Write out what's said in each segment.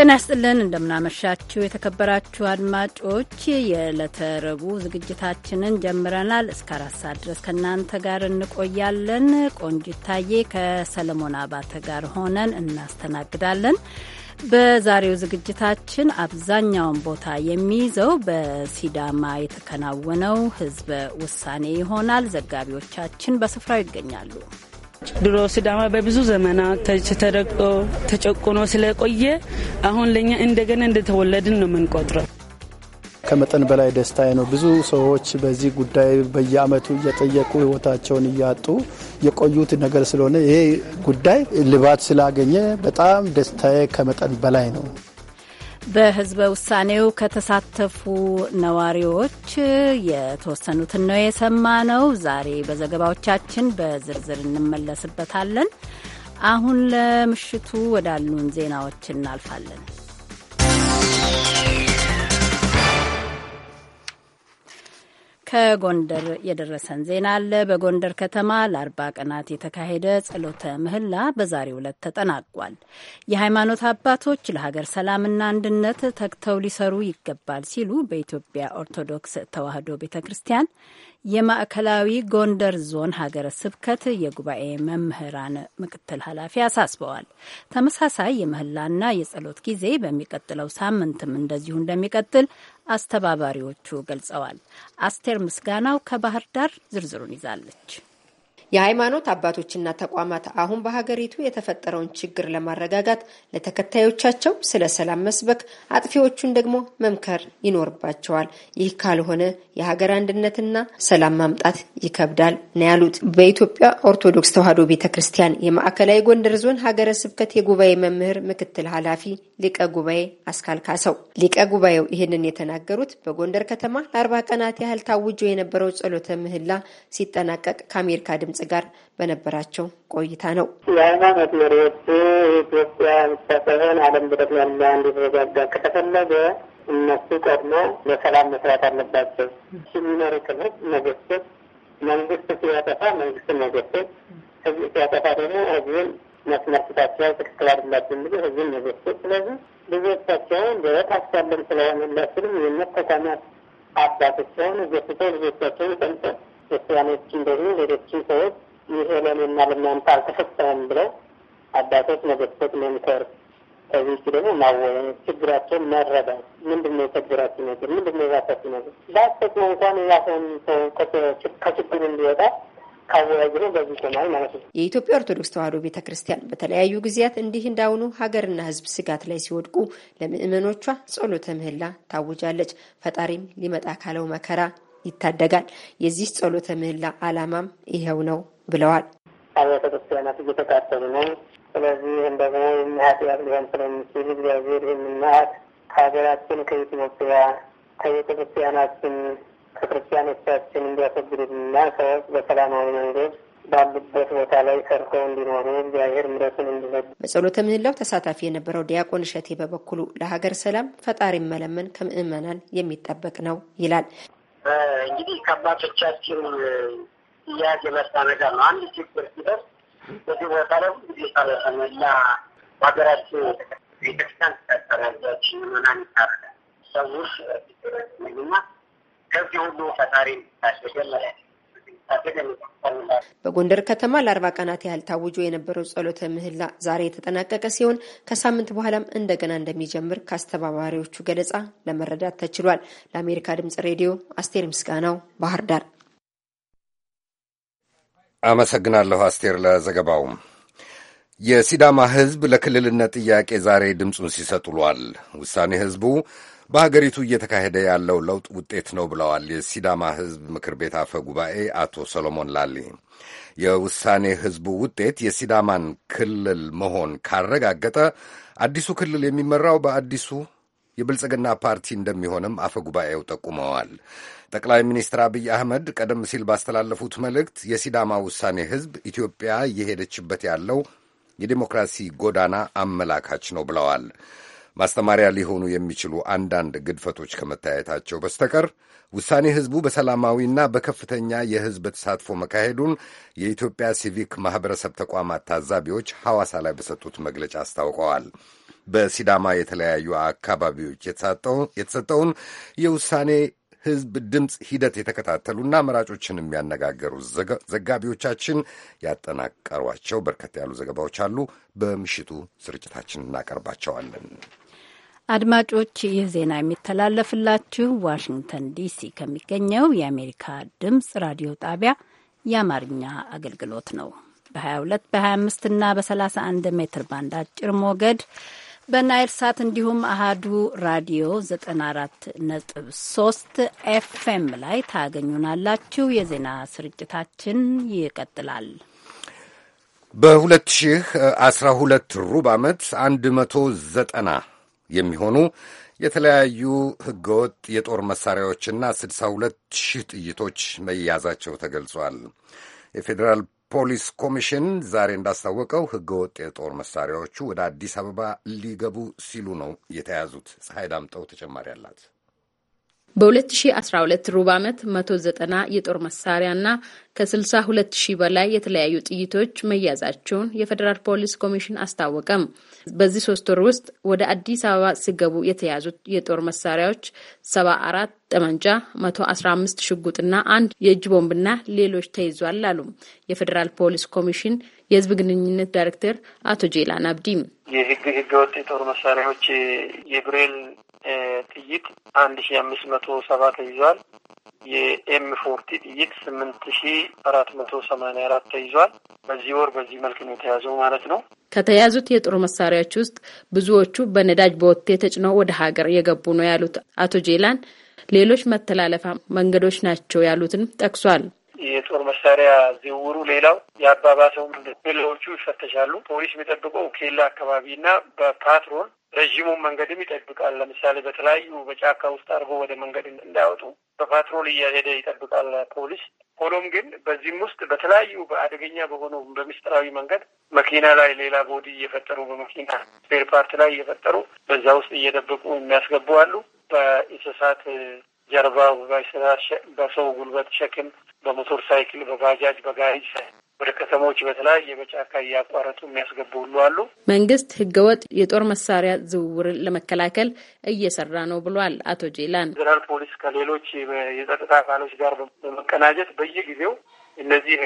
ጤና ይስጥልን እንደምናመሻችሁ የተከበራችሁ አድማጮች የዕለተ ረቡዕ ዝግጅታችንን ጀምረናል። እስከ አራት ሰዓት ድረስ ከእናንተ ጋር እንቆያለን። ቆንጅታዬ ከሰለሞን አባተ ጋር ሆነን እናስተናግዳለን። በዛሬው ዝግጅታችን አብዛኛውን ቦታ የሚይዘው በሲዳማ የተከናወነው ህዝበ ውሳኔ ይሆናል። ዘጋቢዎቻችን በስፍራው ይገኛሉ። ድሮ ስዳማ በብዙ ዘመናት ተደቆ ተጨቁኖ ስለቆየ አሁን ለእኛ እንደገና እንደተወለድን ነው የምንቆጥረው። ከመጠን በላይ ደስታ ነው። ብዙ ሰዎች በዚህ ጉዳይ በየአመቱ እየጠየቁ ህይወታቸውን እያጡ የቆዩት ነገር ስለሆነ ይሄ ጉዳይ ልባት ስላገኘ በጣም ደስታዬ ከመጠን በላይ ነው። በህዝበ ውሳኔው ከተሳተፉ ነዋሪዎች የተወሰኑትን ነው የሰማ ነው። ዛሬ በዘገባዎቻችን በዝርዝር እንመለስበታለን። አሁን ለምሽቱ ወዳሉን ዜናዎች እናልፋለን። ከጎንደር የደረሰን ዜና አለ። በጎንደር ከተማ ለአርባ ቀናት የተካሄደ ጸሎተ ምህላ በዛሬው ዕለት ተጠናቋል። የሃይማኖት አባቶች ለሀገር ሰላምና አንድነት ተግተው ሊሰሩ ይገባል ሲሉ በኢትዮጵያ ኦርቶዶክስ ተዋሕዶ ቤተ ክርስቲያን የማዕከላዊ ጎንደር ዞን ሀገረ ስብከት የጉባኤ መምህራን ምክትል ኃላፊ አሳስበዋል። ተመሳሳይ የምህላና የጸሎት ጊዜ በሚቀጥለው ሳምንትም እንደዚሁ እንደሚቀጥል አስተባባሪዎቹ ገልጸዋል። አስቴር ምስጋናው ከባህር ዳር ዝርዝሩን ይዛለች። የሃይማኖት አባቶችና ተቋማት አሁን በሀገሪቱ የተፈጠረውን ችግር ለማረጋጋት ለተከታዮቻቸው ስለ ሰላም መስበክ፣ አጥፊዎቹን ደግሞ መምከር ይኖርባቸዋል። ይህ ካልሆነ የሀገር አንድነትና ሰላም ማምጣት ይከብዳል ነው ያሉት በኢትዮጵያ ኦርቶዶክስ ተዋሕዶ ቤተ ክርስቲያን የማዕከላዊ ጎንደር ዞን ሀገረ ስብከት የጉባኤ መምህር ምክትል ኃላፊ ሊቀ ጉባኤ አስካልካሰው። ሊቀ ጉባኤው ይህንን የተናገሩት በጎንደር ከተማ ለአርባ ቀናት ያህል ታውጆ የነበረው ጸሎተ ምህላ ሲጠናቀቅ ከአሜሪካ ድምጽ ድምጽ ጋር በነበራቸው ቆይታ ነው። የሃይማኖት መሪዎች ኢትዮጵያ ብቻ ሳይሆን ዓለም ብረት ያለ እንዲረጋጋ ከተፈለገ እነሱ ቀድሞ በሰላም መስራት አለባቸው። የሚመሩትን ህዝብ መገሰጽ፣ መንግስት ሲያጠፋ መንግስት መገሰጽ፣ ህዝብ ሲያጠፋ ደግሞ ህዝብን መስመር ትክክል አድላቸው የሚሉ ህዝብን መገሰጽ። ስለዚህ ልጆቻቸውን በበታቻለም ስለሆነላችንም የመተካማት አባቶቸውን ገስተው ልጆቻቸውን ጠንጠ ክርስቲያኖችን ደግሞ ሌሎችን ሰዎች ይሄ ለኔና ለእናንተ አልተፈጸመም ብለው አባቶች፣ ነገስቶች መምከር ከዚህ ደግሞ ማወያየት፣ ችግራቸውን መረዳት። ምንድን ነው የቸግራችሁ ነገር? ምንድን ነው የራሳችሁ ነገር? በአስተቅሞ እንኳን የራሰውን ሰው ከችግር እንዲወጣ የኢትዮጵያ ኦርቶዶክስ ተዋሕዶ ቤተ ክርስቲያን በተለያዩ ጊዜያት እንዲህ እንዳሁኑ ሀገርና ሕዝብ ስጋት ላይ ሲወድቁ ለምእመኖቿ ጸሎተ ምህላ ታውጃለች። ፈጣሪም ሊመጣ ካለው መከራ ይታደጋል። የዚህ ጸሎተ ምህላ አላማም ይኸው ነው ብለዋል። አብያተ ክርስቲያናት እየተቃጠሉ ነው። ስለዚህ ይህን ደግሞ የሚሀጢያት ሊሆን ስለሚችል እግዚአብሔር የምናት ከሀገራችን ከኢትዮጵያ ከቤተ ክርስቲያናችን ከክርስቲያኖቻችን እንዲያስወግዱና ሰዎች በሰላማዊ መንገድ ባሉበት ቦታ ላይ ሰርተው እንዲኖሩ እግዚአብሔር ምሕረቱን እንዲዘግ በጸሎተ ምህላው ተሳታፊ የነበረው ዲያቆን እሸቴ በበኩሉ ለሀገር ሰላም ፈጣሪ መለመን ከምእመናን የሚጠበቅ ነው ይላል። እንግዲህ ከአባቶቻችን ጥያቄ የመጣ ነገር ነው። አንድ ችግር ሲደርስ በዚህ ቦታ ላይ ጊዜ ሳለሰመላ በሀገራችን ቤተክርስቲያን ትቀጠላለች፣ መናን ይታረዳል፣ ሰዎች ና ከዚህ ሁሉ ፈጣሪ ታሸገመላል በጎንደር ከተማ ለአርባ ቀናት ያህል ታውጆ የነበረው ጸሎተ ምህላ ዛሬ የተጠናቀቀ ሲሆን ከሳምንት በኋላም እንደገና እንደሚጀምር ከአስተባባሪዎቹ ገለጻ ለመረዳት ተችሏል። ለአሜሪካ ድምጽ ሬዲዮ አስቴር ምስጋናው ባህር ዳር። አመሰግናለሁ አስቴር ለዘገባው። የሲዳማ ህዝብ ለክልልነት ጥያቄ ዛሬ ድምፁን ሲሰጥ ውሏል። ውሳኔ ህዝቡ በሀገሪቱ እየተካሄደ ያለው ለውጥ ውጤት ነው ብለዋል የሲዳማ ህዝብ ምክር ቤት አፈ ጉባኤ አቶ ሰሎሞን ላሊ። የውሳኔ ህዝቡ ውጤት የሲዳማን ክልል መሆን ካረጋገጠ አዲሱ ክልል የሚመራው በአዲሱ የብልጽግና ፓርቲ እንደሚሆንም አፈ ጉባኤው ጠቁመዋል። ጠቅላይ ሚኒስትር አብይ አህመድ ቀደም ሲል ባስተላለፉት መልእክት የሲዳማ ውሳኔ ህዝብ ኢትዮጵያ እየሄደችበት ያለው የዴሞክራሲ ጎዳና አመላካች ነው ብለዋል። ማስተማሪያ ሊሆኑ የሚችሉ አንዳንድ ግድፈቶች ከመታየታቸው በስተቀር ውሳኔ ሕዝቡ በሰላማዊና በከፍተኛ የሕዝብ ተሳትፎ መካሄዱን የኢትዮጵያ ሲቪክ ማኅበረሰብ ተቋማት ታዛቢዎች ሐዋሳ ላይ በሰጡት መግለጫ አስታውቀዋል። በሲዳማ የተለያዩ አካባቢዎች የተሰጠውን የውሳኔ ሕዝብ ድምፅ ሂደት የተከታተሉና መራጮችን የሚያነጋገሩ ዘጋቢዎቻችን ያጠናቀሯቸው በርከት ያሉ ዘገባዎች አሉ። በምሽቱ ስርጭታችን እናቀርባቸዋለን። አድማጮች ይህ ዜና የሚተላለፍላችሁ ዋሽንግተን ዲሲ ከሚገኘው የአሜሪካ ድምፅ ራዲዮ ጣቢያ የአማርኛ አገልግሎት ነው። በ22 በ25 እና በ31 ሜትር ባንድ አጭር ሞገድ በናይል ሳት እንዲሁም አሃዱ ራዲዮ 94.3 ኤፍኤም ላይ ታገኙናላችሁ። የዜና ስርጭታችን ይቀጥላል። በ2012 ሩብ ዓመት 190 የሚሆኑ የተለያዩ ህገወጥ የጦር መሳሪያዎችና 62 ሺህ ጥይቶች መያዛቸው ተገልጿል። የፌዴራል ፖሊስ ኮሚሽን ዛሬ እንዳስታወቀው ህገወጥ የጦር መሳሪያዎቹ ወደ አዲስ አበባ ሊገቡ ሲሉ ነው የተያዙት። ፀሐይ ዳምጠው ተጨማሪ አላት። በ2012 ሩብ ዓመት 190 የጦር መሳሪያና ከ62 በላይ የተለያዩ ጥይቶች መያዛቸውን የፌዴራል ፖሊስ ኮሚሽን አስታወቀም። በዚህ ሶስት ወር ውስጥ ወደ አዲስ አበባ ሲገቡ የተያዙት የጦር መሳሪያዎች 74 ጠመንጃ፣ 115 ሽጉጥና አንድ የእጅ ቦምብና ሌሎች ተይዟል አሉ የፌዴራል ፖሊስ ኮሚሽን የህዝብ ግንኙነት ዳይሬክተር አቶ ጄላን አብዲም የህግ ህገወጥ የጦር መሳሪያዎች የብሬል ጥይት አንድ ሺ አምስት መቶ ሰባ ተይዟል። የኤም ፎርቲ ጥይት ስምንት ሺ አራት መቶ ሰማኒያ አራት ተይዟል። በዚህ ወር በዚህ መልክ ነው የተያዘው ማለት ነው። ከተያዙት የጦር መሳሪያዎች ውስጥ ብዙዎቹ በነዳጅ በወቴ ተጭነው ወደ ሀገር የገቡ ነው ያሉት አቶ ጄላን ሌሎች መተላለፋ መንገዶች ናቸው ያሉትን ጠቅሷል። የጦር መሳሪያ ዝውውሩ ሌላው የአባባሰው ሌላዎቹ ይፈተሻሉ። ፖሊስ የሚጠብቀው ኬላ አካባቢና በፓትሮል ረዥሙን መንገድም ይጠብቃል። ለምሳሌ በተለያዩ በጫካ ውስጥ አድርጎ ወደ መንገድ እንዳያወጡ በፓትሮል እያሄደ ይጠብቃል ፖሊስ። ሆኖም ግን በዚህም ውስጥ በተለያዩ በአደገኛ በሆኑ በምስጢራዊ መንገድ መኪና ላይ ሌላ ቦዲ እየፈጠሩ በመኪና ስፔር ፓርት ላይ እየፈጠሩ በዛ ውስጥ እየደበቁ የሚያስገቡ አሉ። በእንስሳት ጀርባ፣ በሰው ጉልበት ሸክም፣ በሞቶር ሳይክል፣ በባጃጅ፣ በጋሪ ወደ ከተሞች በተለያየ በጫካ እያቋረጡ የሚያስገቡ ሁሉ አሉ። መንግስት ህገወጥ የጦር መሳሪያ ዝውውርን ለመከላከል እየሰራ ነው ብሏል አቶ ጄላን። ፌዴራል ፖሊስ ከሌሎች የጸጥታ አካሎች ጋር በመቀናጀት በየጊዜው እነዚህ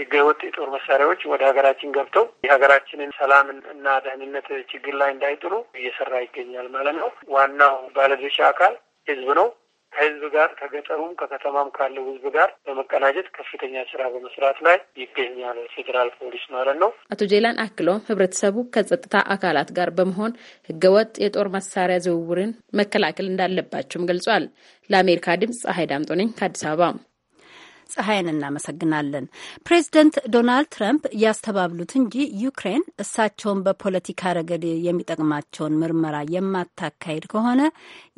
ህገወጥ የጦር መሳሪያዎች ወደ ሀገራችን ገብተው የሀገራችንን ሰላም እና ደህንነት ችግር ላይ እንዳይጥሉ እየሰራ ይገኛል ማለት ነው። ዋናው ባለድርሻ አካል ህዝብ ነው። ከህዝብ ጋር ከገጠሩም ከከተማም ካለው ህዝብ ጋር በመቀናጀት ከፍተኛ ስራ በመስራት ላይ ይገኛል ፌዴራል ፖሊስ ማለት ነው። አቶ ጄላን አክለውም ህብረተሰቡ ከጸጥታ አካላት ጋር በመሆን ህገወጥ የጦር መሳሪያ ዝውውርን መከላከል እንዳለባቸውም ገልጿል። ለአሜሪካ ድምፅ ፀሐይ ዳምጦ ነኝ ከአዲስ አበባ። ፀሐይን እናመሰግናለን። ፕሬዚደንት ዶናልድ ትራምፕ ያስተባብሉት እንጂ ዩክሬን እሳቸውን በፖለቲካ ረገድ የሚጠቅማቸውን ምርመራ የማታካሄድ ከሆነ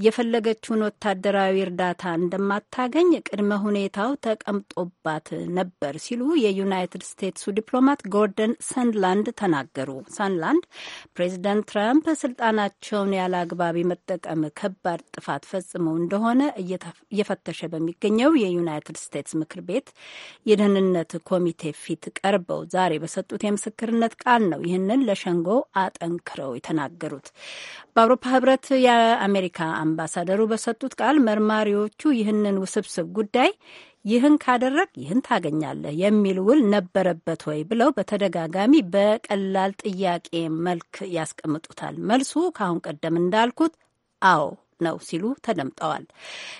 የፈለገችውን ወታደራዊ እርዳታ እንደማታገኝ ቅድመ ሁኔታው ተቀምጦባት ነበር ሲሉ የዩናይትድ ስቴትሱ ዲፕሎማት ጎርደን ሰንላንድ ተናገሩ። ሰንላንድ ፕሬዚደንት ትራምፕ ስልጣናቸውን ያለ አግባብ መጠቀም ከባድ ጥፋት ፈጽመው እንደሆነ እየፈተሸ በሚገኘው የዩናይትድ ስቴትስ ምክር ቤት የደህንነት ኮሚቴ ፊት ቀርበው ዛሬ በሰጡት የምስክርነት ቃል ነው ይህንን ለሸንጎ አጠንክረው የተናገሩት። በአውሮፓ ህብረት የአሜሪካ አምባሳደሩ በሰጡት ቃል መርማሪዎቹ ይህንን ውስብስብ ጉዳይ ይህን ካደረግ ይህን ታገኛለህ የሚል ውል ነበረበት ወይ ብለው በተደጋጋሚ በቀላል ጥያቄ መልክ ያስቀምጡታል። መልሱ ከአሁን ቀደም እንዳልኩት አዎ ነው ሲሉ ተደምጠዋል።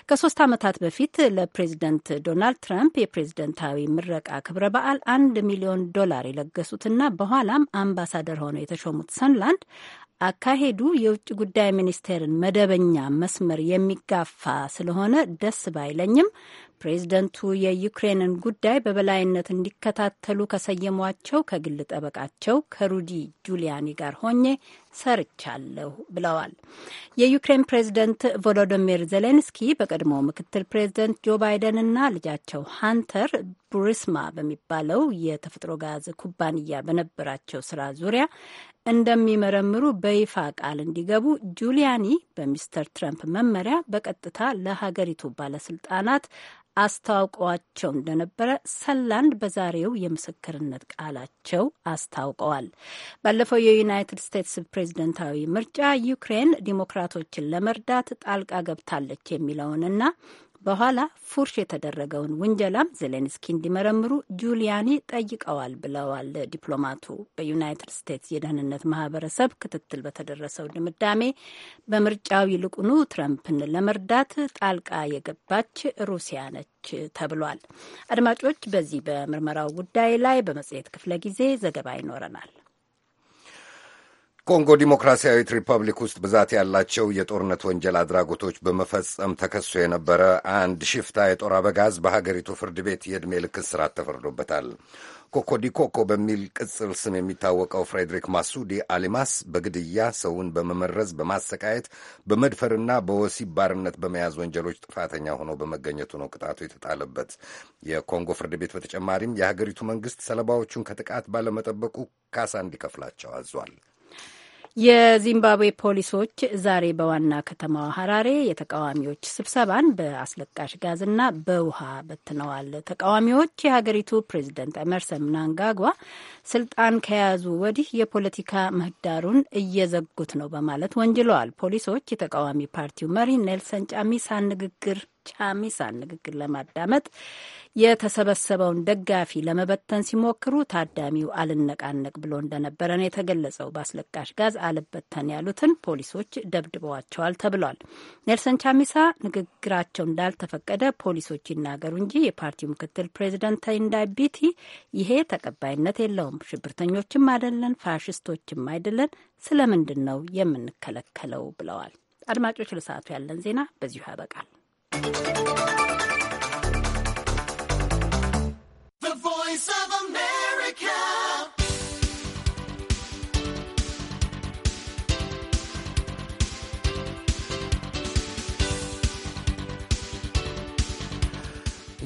ከሶስት ዓመታት በፊት ለፕሬዚደንት ዶናልድ ትራምፕ የፕሬዝደንታዊ ምረቃ ክብረ በዓል አንድ ሚሊዮን ዶላር የለገሱትና በኋላም አምባሳደር ሆነው የተሾሙት ሰንላንድ አካሄዱ የውጭ ጉዳይ ሚኒስቴርን መደበኛ መስመር የሚጋፋ ስለሆነ ደስ ባይለኝም ፕሬዝደንቱ የዩክሬንን ጉዳይ በበላይነት እንዲከታተሉ ከሰየሟቸው ከግል ጠበቃቸው ከሩዲ ጁሊያኒ ጋር ሆኜ ሰርቻለሁ ብለዋል። የዩክሬን ፕሬዝደንት ቮሎዶሚር ዜሌንስኪ በቀድሞ ምክትል ፕሬዝደንት ጆ ባይደንና ልጃቸው ሃንተር ቡሪስማ በሚባለው የተፈጥሮ ጋዝ ኩባንያ በነበራቸው ስራ ዙሪያ እንደሚመረምሩ በይፋ ቃል እንዲገቡ ጁሊያኒ በሚስተር ትረምፕ መመሪያ በቀጥታ ለሀገሪቱ ባለስልጣናት አስታውቀዋቸው እንደነበረ ሰላንድ በዛሬው የምስክርነት ቃላቸው አስታውቀዋል። ባለፈው የዩናይትድ ስቴትስ ፕሬዝደንታዊ ምርጫ ዩክሬን ዲሞክራቶችን ለመርዳት ጣልቃ ገብታለች የሚለውንና በኋላ ፉርሽ የተደረገውን ውንጀላም ዜሌንስኪ እንዲመረምሩ ጁሊያኒ ጠይቀዋል ብለዋል ዲፕሎማቱ። በዩናይትድ ስቴትስ የደህንነት ማህበረሰብ ክትትል በተደረሰው ድምዳሜ በምርጫው ይልቁኑ ትረምፕን ለመርዳት ጣልቃ የገባች ሩሲያ ነች ተብሏል። አድማጮች፣ በዚህ በምርመራው ጉዳይ ላይ በመጽሔት ክፍለ ጊዜ ዘገባ ይኖረናል። ኮንጎ ዲሞክራሲያዊት ሪፐብሊክ ውስጥ ብዛት ያላቸው የጦርነት ወንጀል አድራጎቶች በመፈጸም ተከሶ የነበረ አንድ ሽፍታ የጦር አበጋዝ በሀገሪቱ ፍርድ ቤት የዕድሜ ልክ እስራት ተፈርዶበታል። ኮኮዲ ኮኮ በሚል ቅጽል ስም የሚታወቀው ፍሬድሪክ ማሱዲ አሊማስ በግድያ ሰውን በመመረዝ በማሰቃየት በመድፈርና በወሲብ ባርነት በመያዝ ወንጀሎች ጥፋተኛ ሆኖ በመገኘቱ ነው ቅጣቱ የተጣለበት። የኮንጎ ፍርድ ቤት በተጨማሪም የሀገሪቱ መንግስት ሰለባዎቹን ከጥቃት ባለመጠበቁ ካሳ እንዲከፍላቸው አዟል። የዚምባብዌ ፖሊሶች ዛሬ በዋና ከተማዋ ሀራሬ የተቃዋሚዎች ስብሰባን በአስለቃሽ ጋዝና በውሃ በትነዋል። ተቃዋሚዎች የሀገሪቱ ፕሬዚደንት ኤመርሰን ምናንጋጓ ስልጣን ከያዙ ወዲህ የፖለቲካ ምህዳሩን እየዘጉት ነው በማለት ወንጅለዋል። ፖሊሶች የተቃዋሚ ፓርቲው መሪ ኔልሰን ጫሚሳ ንግግር ቻሚሳን ንግግር ለማዳመጥ የተሰበሰበውን ደጋፊ ለመበተን ሲሞክሩ ታዳሚው አልነቃነቅ ብሎ እንደነበረ ነው የተገለጸው። በአስለቃሽ ጋዝ አልበተን ያሉትን ፖሊሶች ደብድበዋቸዋል ተብሏል። ኔልሰን ቻሚሳ ንግግራቸው እንዳልተፈቀደ ፖሊሶች ይናገሩ እንጂ የፓርቲው ምክትል ፕሬዚደንት ቴንዳይ ቢቲ ይሄ ተቀባይነት የለውም፣ ሽብርተኞችም አይደለን፣ ፋሽስቶችም አይደለን፣ ስለምንድን ነው የምንከለከለው ብለዋል። አድማጮች፣ ለሰዓቱ ያለን ዜና በዚሁ ያበቃል።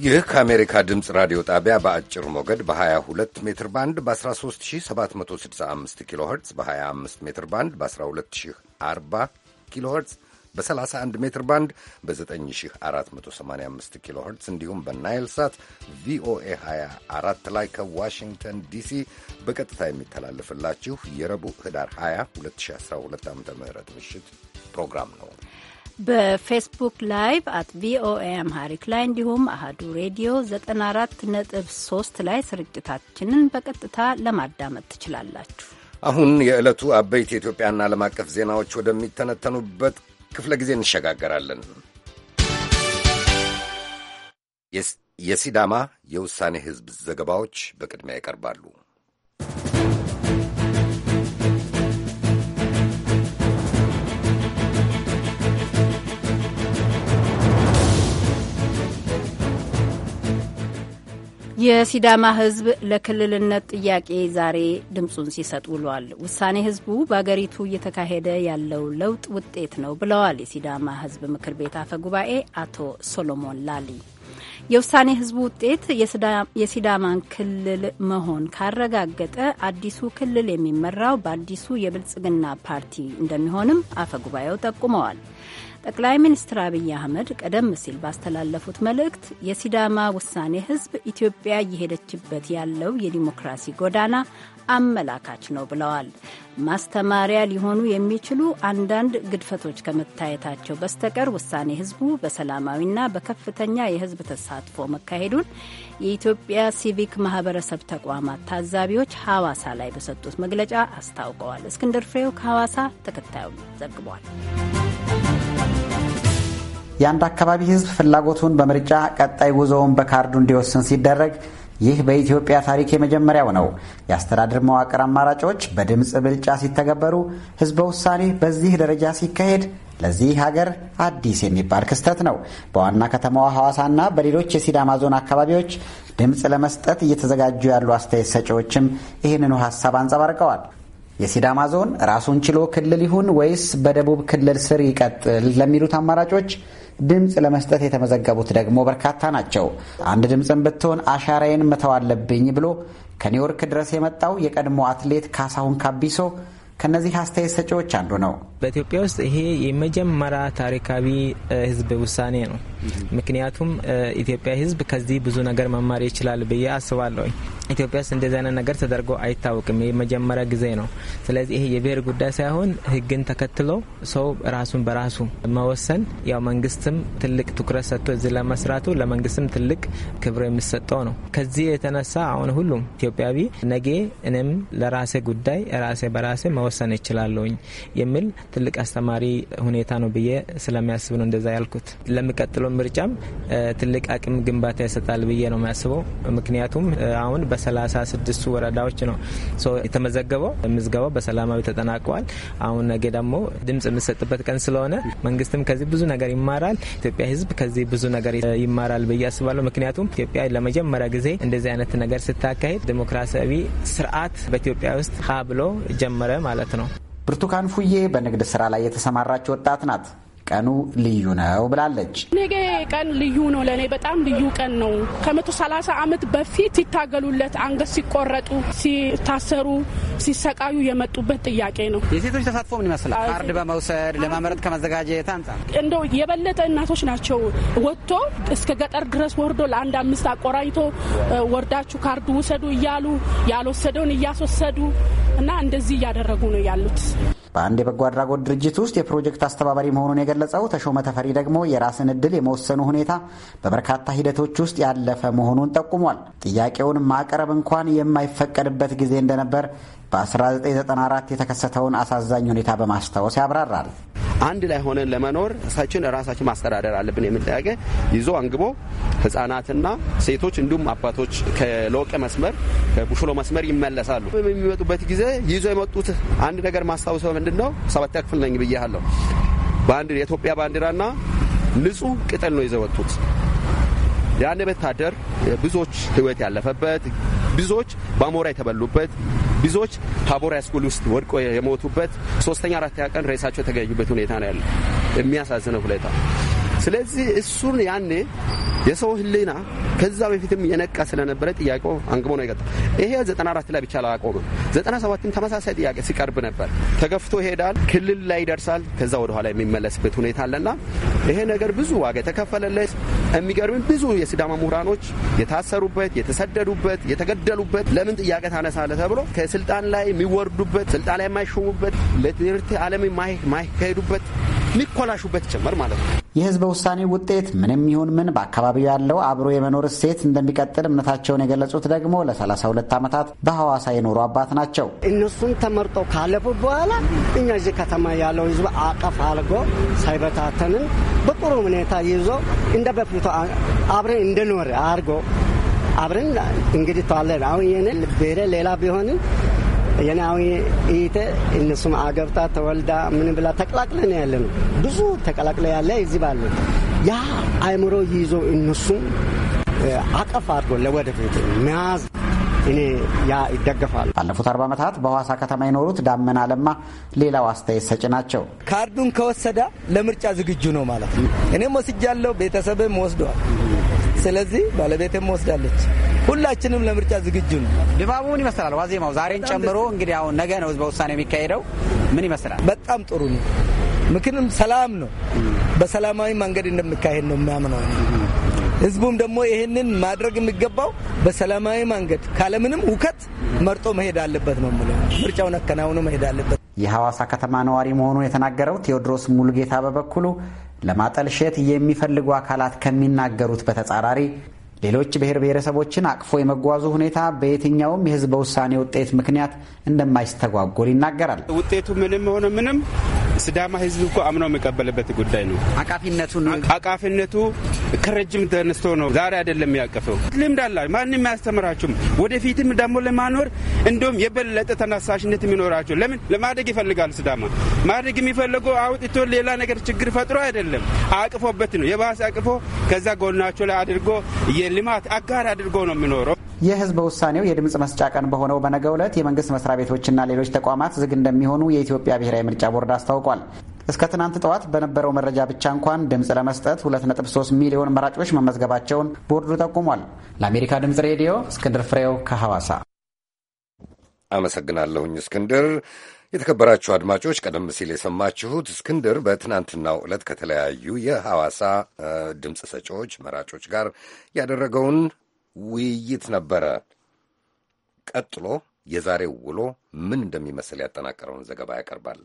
ይህ ከአሜሪካ ድምፅ ራዲዮ ጣቢያ በአጭር ሞገድ በ22 ሜትር ባንድ በ13765 ኪሎ ኸርትዝ በ25 ሜትር ባንድ በ 1240 ኪሎ ኸርትዝ በ31 ሜትር ባንድ በ9485 ኪሎ ሄርትስ እንዲሁም በናይል ሳት ቪኦኤ 24 ላይ ከዋሽንግተን ዲሲ በቀጥታ የሚተላለፍላችሁ የረቡዕ ህዳር 20 2012 ዓ ም ምሽት ፕሮግራም ነው። በፌስቡክ ላይቭ አት ቪኦኤ አምሃሪክ ላይ እንዲሁም አህዱ ሬዲዮ 94.3 ላይ ስርጭታችንን በቀጥታ ለማዳመጥ ትችላላችሁ። አሁን የዕለቱ አበይት የኢትዮጵያና ዓለም አቀፍ ዜናዎች ወደሚተነተኑበት ክፍለ ጊዜ እንሸጋገራለን። የሲዳማ የውሳኔ ሕዝብ ዘገባዎች በቅድሚያ ይቀርባሉ። የሲዳማ ህዝብ ለክልልነት ጥያቄ ዛሬ ድምፁን ሲሰጥ ውሏል። ውሳኔ ህዝቡ በአገሪቱ እየተካሄደ ያለው ለውጥ ውጤት ነው ብለዋል የሲዳማ ህዝብ ምክር ቤት አፈ ጉባኤ አቶ ሶሎሞን ላሊ። የውሳኔ ሕዝቡ ውጤት የሲዳማን ክልል መሆን ካረጋገጠ አዲሱ ክልል የሚመራው በአዲሱ የብልጽግና ፓርቲ እንደሚሆንም አፈ ጉባኤው ጠቁመዋል። ጠቅላይ ሚኒስትር አብይ አህመድ ቀደም ሲል ባስተላለፉት መልእክት የሲዳማ ውሳኔ ሕዝብ ኢትዮጵያ እየሄደችበት ያለው የዲሞክራሲ ጎዳና አመላካች ነው ብለዋል። ማስተማሪያ ሊሆኑ የሚችሉ አንዳንድ ግድፈቶች ከመታየታቸው በስተቀር ውሳኔ ሕዝቡ በሰላማዊና በከፍተኛ የህዝብ ተሳትፎ መካሄዱን የኢትዮጵያ ሲቪክ ማህበረሰብ ተቋማት ታዛቢዎች ሐዋሳ ላይ በሰጡት መግለጫ አስታውቀዋል። እስክንድር ፍሬው ከሐዋሳ ተከታዩን ዘግቧል። የአንድ አካባቢ ህዝብ ፍላጎቱን በምርጫ ቀጣይ ጉዞውን በካርዱ እንዲወስን ሲደረግ ይህ በኢትዮጵያ ታሪክ የመጀመሪያው ነው። የአስተዳደር መዋቅር አማራጮች በድምፅ ብልጫ ሲተገበሩ፣ ህዝበ ውሳኔ በዚህ ደረጃ ሲካሄድ ለዚህ ሀገር አዲስ የሚባል ክስተት ነው። በዋና ከተማዋ ሐዋሳና በሌሎች የሲዳማ ዞን አካባቢዎች ድምፅ ለመስጠት እየተዘጋጁ ያሉ አስተያየት ሰጪዎችም ይህንኑ ሀሳብ አንጸባርቀዋል። የሲዳማ ዞን ራሱን ችሎ ክልል ይሁን ወይስ በደቡብ ክልል ስር ይቀጥል ለሚሉት አማራጮች ድምፅ ለመስጠት የተመዘገቡት ደግሞ በርካታ ናቸው። አንድ ድምፅን ብትሆን አሻራዬን መተው አለብኝ ብሎ ከኒውዮርክ ድረስ የመጣው የቀድሞ አትሌት ካሳሁን ካቢሶ ከነዚህ አስተያየት ሰጪዎች አንዱ ነው። በኢትዮጵያ ውስጥ ይሄ የመጀመሪያ ታሪካዊ ህዝብ ውሳኔ ነው። ምክንያቱም ኢትዮጵያ ህዝብ ከዚህ ብዙ ነገር መማር ይችላል ብዬ አስባለሁኝ። ኢትዮጵያ ውስጥ እንደዚህ አይነት ነገር ተደርጎ አይታወቅም። የመጀመሪያ ጊዜ ነው። ስለዚህ ይሄ የብሔር ጉዳይ ሳይሆን ሕግን ተከትሎ ሰው ራሱን በራሱ መወሰን ያው መንግስትም ትልቅ ትኩረት ሰጥቶ እዚህ ለመስራቱ ለመንግስትም ትልቅ ክብር የሚሰጠው ነው። ከዚህ የተነሳ አሁን ሁሉም ኢትዮጵያዊ ነገ እኔም ለራሴ ጉዳይ ራሴ በራሴ መወሰን ይችላለሁኝ የሚል ትልቅ አስተማሪ ሁኔታ ነው ብዬ ስለሚያስብ ነው እንደዛ ያልኩት። ለሚቀጥለው ምርጫም ትልቅ አቅም ግንባታ ይሰጣል ብዬ ነው የሚያስበው። ምክንያቱም አሁን በ ስድስቱ ወረዳዎች ነው የተመዘገበው። ምዝገባው በሰላማዊ ተጠናቀዋል። አሁን ነገ ደግሞ ድምጽ የምሰጥበት ቀን ስለሆነ መንግስትም ከዚህ ብዙ ነገር ይማራል። ኢትዮጵያ ህዝብ ከዚህ ብዙ ነገር ይማራል ብዬ አስባለሁ። ምክንያቱም ኢትዮጵያ ለመጀመሪያ ጊዜ እንደዚህ አይነት ነገር ስታካሄድ ዲሞክራሲያዊ ስርዓት በኢትዮጵያ ውስጥ ሀ ብሎ ጀመረ ማለት ነው። ብርቱካን ፉዬ በንግድ ስራ ላይ የተሰማራች ወጣት ናት። ቀኑ ልዩ ነው ብላለች። ነገ ቀን ልዩ ነው፣ ለእኔ በጣም ልዩ ቀን ነው። ከመቶ ሰላሳ ዓመት በፊት ሲታገሉለት አንገት ሲቆረጡ፣ ሲታሰሩ፣ ሲሰቃዩ የመጡበት ጥያቄ ነው። የሴቶች ተሳትፎ ምን ይመስላል? ካርድ በመውሰድ ለማምረት ከመዘጋጀት አንጻር እንደው የበለጠ እናቶች ናቸው ወጥቶ እስከ ገጠር ድረስ ወርዶ ለአንድ አምስት አቆራኝቶ ወርዳችሁ ካርዱ ውሰዱ እያሉ ያልወሰደውን እያስወሰዱ እና እንደዚህ እያደረጉ ነው ያሉት። በአንድ የበጎ አድራጎት ድርጅት ውስጥ የፕሮጀክት አስተባባሪ መሆኑን የገለጸው ተሾመ ተፈሪ ደግሞ የራስን እድል የመወሰኑ ሁኔታ በበርካታ ሂደቶች ውስጥ ያለፈ መሆኑን ጠቁሟል። ጥያቄውን ማቅረብ እንኳን የማይፈቀድበት ጊዜ እንደነበር በ1994 የተከሰተውን አሳዛኝ ሁኔታ በማስታወስ ያብራራል። አንድ ላይ ሆነን ለመኖር እሳችን ራሳችን ማስተዳደር አለብን የሚል ጥያቄ ይዞ አንግቦ ህጻናትና ሴቶች እንዲሁም አባቶች ከሎቄ መስመር ከቡሽሎ መስመር ይመለሳሉ። የሚመጡበት ጊዜ ይዞ የመጡት አንድ ነገር ማስታውሰው ምንድን ነው? ሰባተኛ ክፍል ነኝ ብያለሁ። የኢትዮጵያ ባንዲራና ንጹህ ቅጠል ነው ይዘው የወጡት። ያኔ ወታደር ብዙዎች ህይወት ያለፈበት፣ ብዙዎች በአሞራ የተበሉበት፣ ብዙዎች ታቦራ ስኩል ውስጥ ወድቆ የሞቱበት፣ ሶስተኛ አራተኛ ቀን ሬሳቸው የተገኙበት ሁኔታ ነው ያለ የሚያሳዝነው ሁኔታ። ስለዚህ እሱን ያኔ የሰው ህሊና ከዛ በፊትም የነቃ ስለነበረ ጥያቄው አንግቦ ነው የቀጠለው። ይሄ 94 ላይ ብቻ አላቆመም። ተመሳሳይ ጥያቄ ሲቀርብ ነበር። ተገፍቶ ይሄዳል፣ ክልል ላይ ይደርሳል፣ ከዛ ወደኋላ የሚመለስበት ሁኔታ አለና ይሄ ነገር ብዙ ዋጋ የተከፈለለት የሚገርም ብዙ የሲዳማ ምሁራኖች የታሰሩበት፣ የተሰደዱበት፣ የተገደሉበት ለምን ጥያቄ ታነሳለ ተብሎ ከስልጣን ላይ የሚወርዱበት፣ ስልጣን ላይ የማይሾሙበት፣ ለትምህርት ዓለም የማይካሄዱበት፣ የሚኮላሹበት ጭምር ማለት ነው። የህዝበ ውሳኔ ውጤት ምንም ይሁን ምን በአካባቢ በአካባቢው ያለው አብሮ የመኖር እሴት እንደሚቀጥል እምነታቸውን የገለጹት ደግሞ ለ32 ዓመታት በሐዋሳ የኖሩ አባት ናቸው። እነሱን ተመርጦ ካለፉ በኋላ እኛ እዚህ ከተማ ያለው ህዝብ አቀፍ አድርጎ ሳይበታተንን በጥሩ ሁኔታ ይዞ እንደ በፊቱ አብረን እንደኖር አድርጎ አብረን እንግዲህ ተዋለን። አሁን ይህንን ብሄረ ሌላ ቢሆንም የናዊ ኢተ እነሱም አገብታ ተወልዳ ምን ብላ ተቀላቅለ ነው ያለ ነው። ብዙ ተቀላቅለ ያለ እዚህ ባለ ያ አእምሮ ይዞ እነሱም አቀፍ አድርጎ ለወደፊት መያዝ እኔ ያ ይደገፋል። ባለፉት አርባ ዓመታት በሐዋሳ ከተማ የኖሩት ዳመና ለማ ሌላው አስተያየት ሰጭ ናቸው። ካርዱን ከወሰደ ለምርጫ ዝግጁ ነው ማለት ነው። እኔም ወስጃለሁ፣ ቤተሰብም ወስዷል። ስለዚህ ባለቤትም ወስዳለች። ሁላችንም ለምርጫ ዝግጁ ነው። ድባቡ ምን ይመስላል? ዋዜማው ዛሬን ጨምሮ እንግዲህ አሁን ነገ ነው ህዝበ ውሳኔ የሚካሄደው። ምን ይመስላል? በጣም ጥሩ ነው። ምክንም ሰላም ነው። በሰላማዊ መንገድ እንደሚካሄድ ነው የሚያምነው። ህዝቡም ደግሞ ይህንን ማድረግ የሚገባው በሰላማዊ መንገድ ካለምንም ውከት መርጦ መሄድ አለበት ነው የምለው። ምርጫውን አከናውኖ መሄድ አለበት። የሐዋሳ ከተማ ነዋሪ መሆኑን የተናገረው ቴዎድሮስ ሙሉጌታ በበኩሉ ለማጠልሸት የሚፈልጉ አካላት ከሚናገሩት በተጻራሪ ሌሎች ብሔር ብሔረሰቦችን አቅፎ የመጓዙ ሁኔታ በየትኛውም የህዝበ ውሳኔ ውጤት ምክንያት እንደማይስተጓጎል ይናገራል። ውጤቱ ምንም ሆነ ምንም ስዳማ ህዝብ እኮ አምኖ የሚቀበልበት ጉዳይ ነው። አቃፊነቱ አቃፊነቱ ከረጅም ተነስቶ ነው። ዛሬ አይደለም ያቀፈው ልምድ አላ ማንም አያስተምራችሁም። ወደፊትም ደግሞ ለማኖር እንዲሁም የበለጠ ተነሳሽነት የሚኖራቸው ለምን ለማደግ ይፈልጋል። ስዳማ ማደግ የሚፈልገው አውጥቶ ሌላ ነገር ችግር ፈጥሮ አይደለም፣ አቅፎበት ነው። የባሰ አቅፎ ከዛ ጎናቸው ላይ አድርጎ የልማት አጋር አድርጎ ነው የሚኖረው። የህዝብ ውሳኔው የድምፅ መስጫ ቀን በሆነው በነገ ዕለት የመንግስት መስሪያ ቤቶችና ሌሎች ተቋማት ዝግ እንደሚሆኑ የኢትዮጵያ ብሔራዊ ምርጫ ቦርድ አስታውቋል። እስከ ትናንት ጠዋት በነበረው መረጃ ብቻ እንኳን ድምፅ ለመስጠት 2.3 ሚሊዮን መራጮች መመዝገባቸውን ቦርዱ ጠቁሟል። ለአሜሪካ ድምፅ ሬዲዮ እስክንድር ፍሬው ከሐዋሳ አመሰግናለሁኝ። እስክንድር የተከበራችሁ አድማጮች ቀደም ሲል የሰማችሁት እስክንድር በትናንትናው ዕለት ከተለያዩ የሐዋሳ ድምፅ ሰጪዎች፣ መራጮች ጋር ያደረገውን ውይይት ነበረ። ቀጥሎ የዛሬው ውሎ ምን እንደሚመስል ያጠናቀረውን ዘገባ ያቀርባል።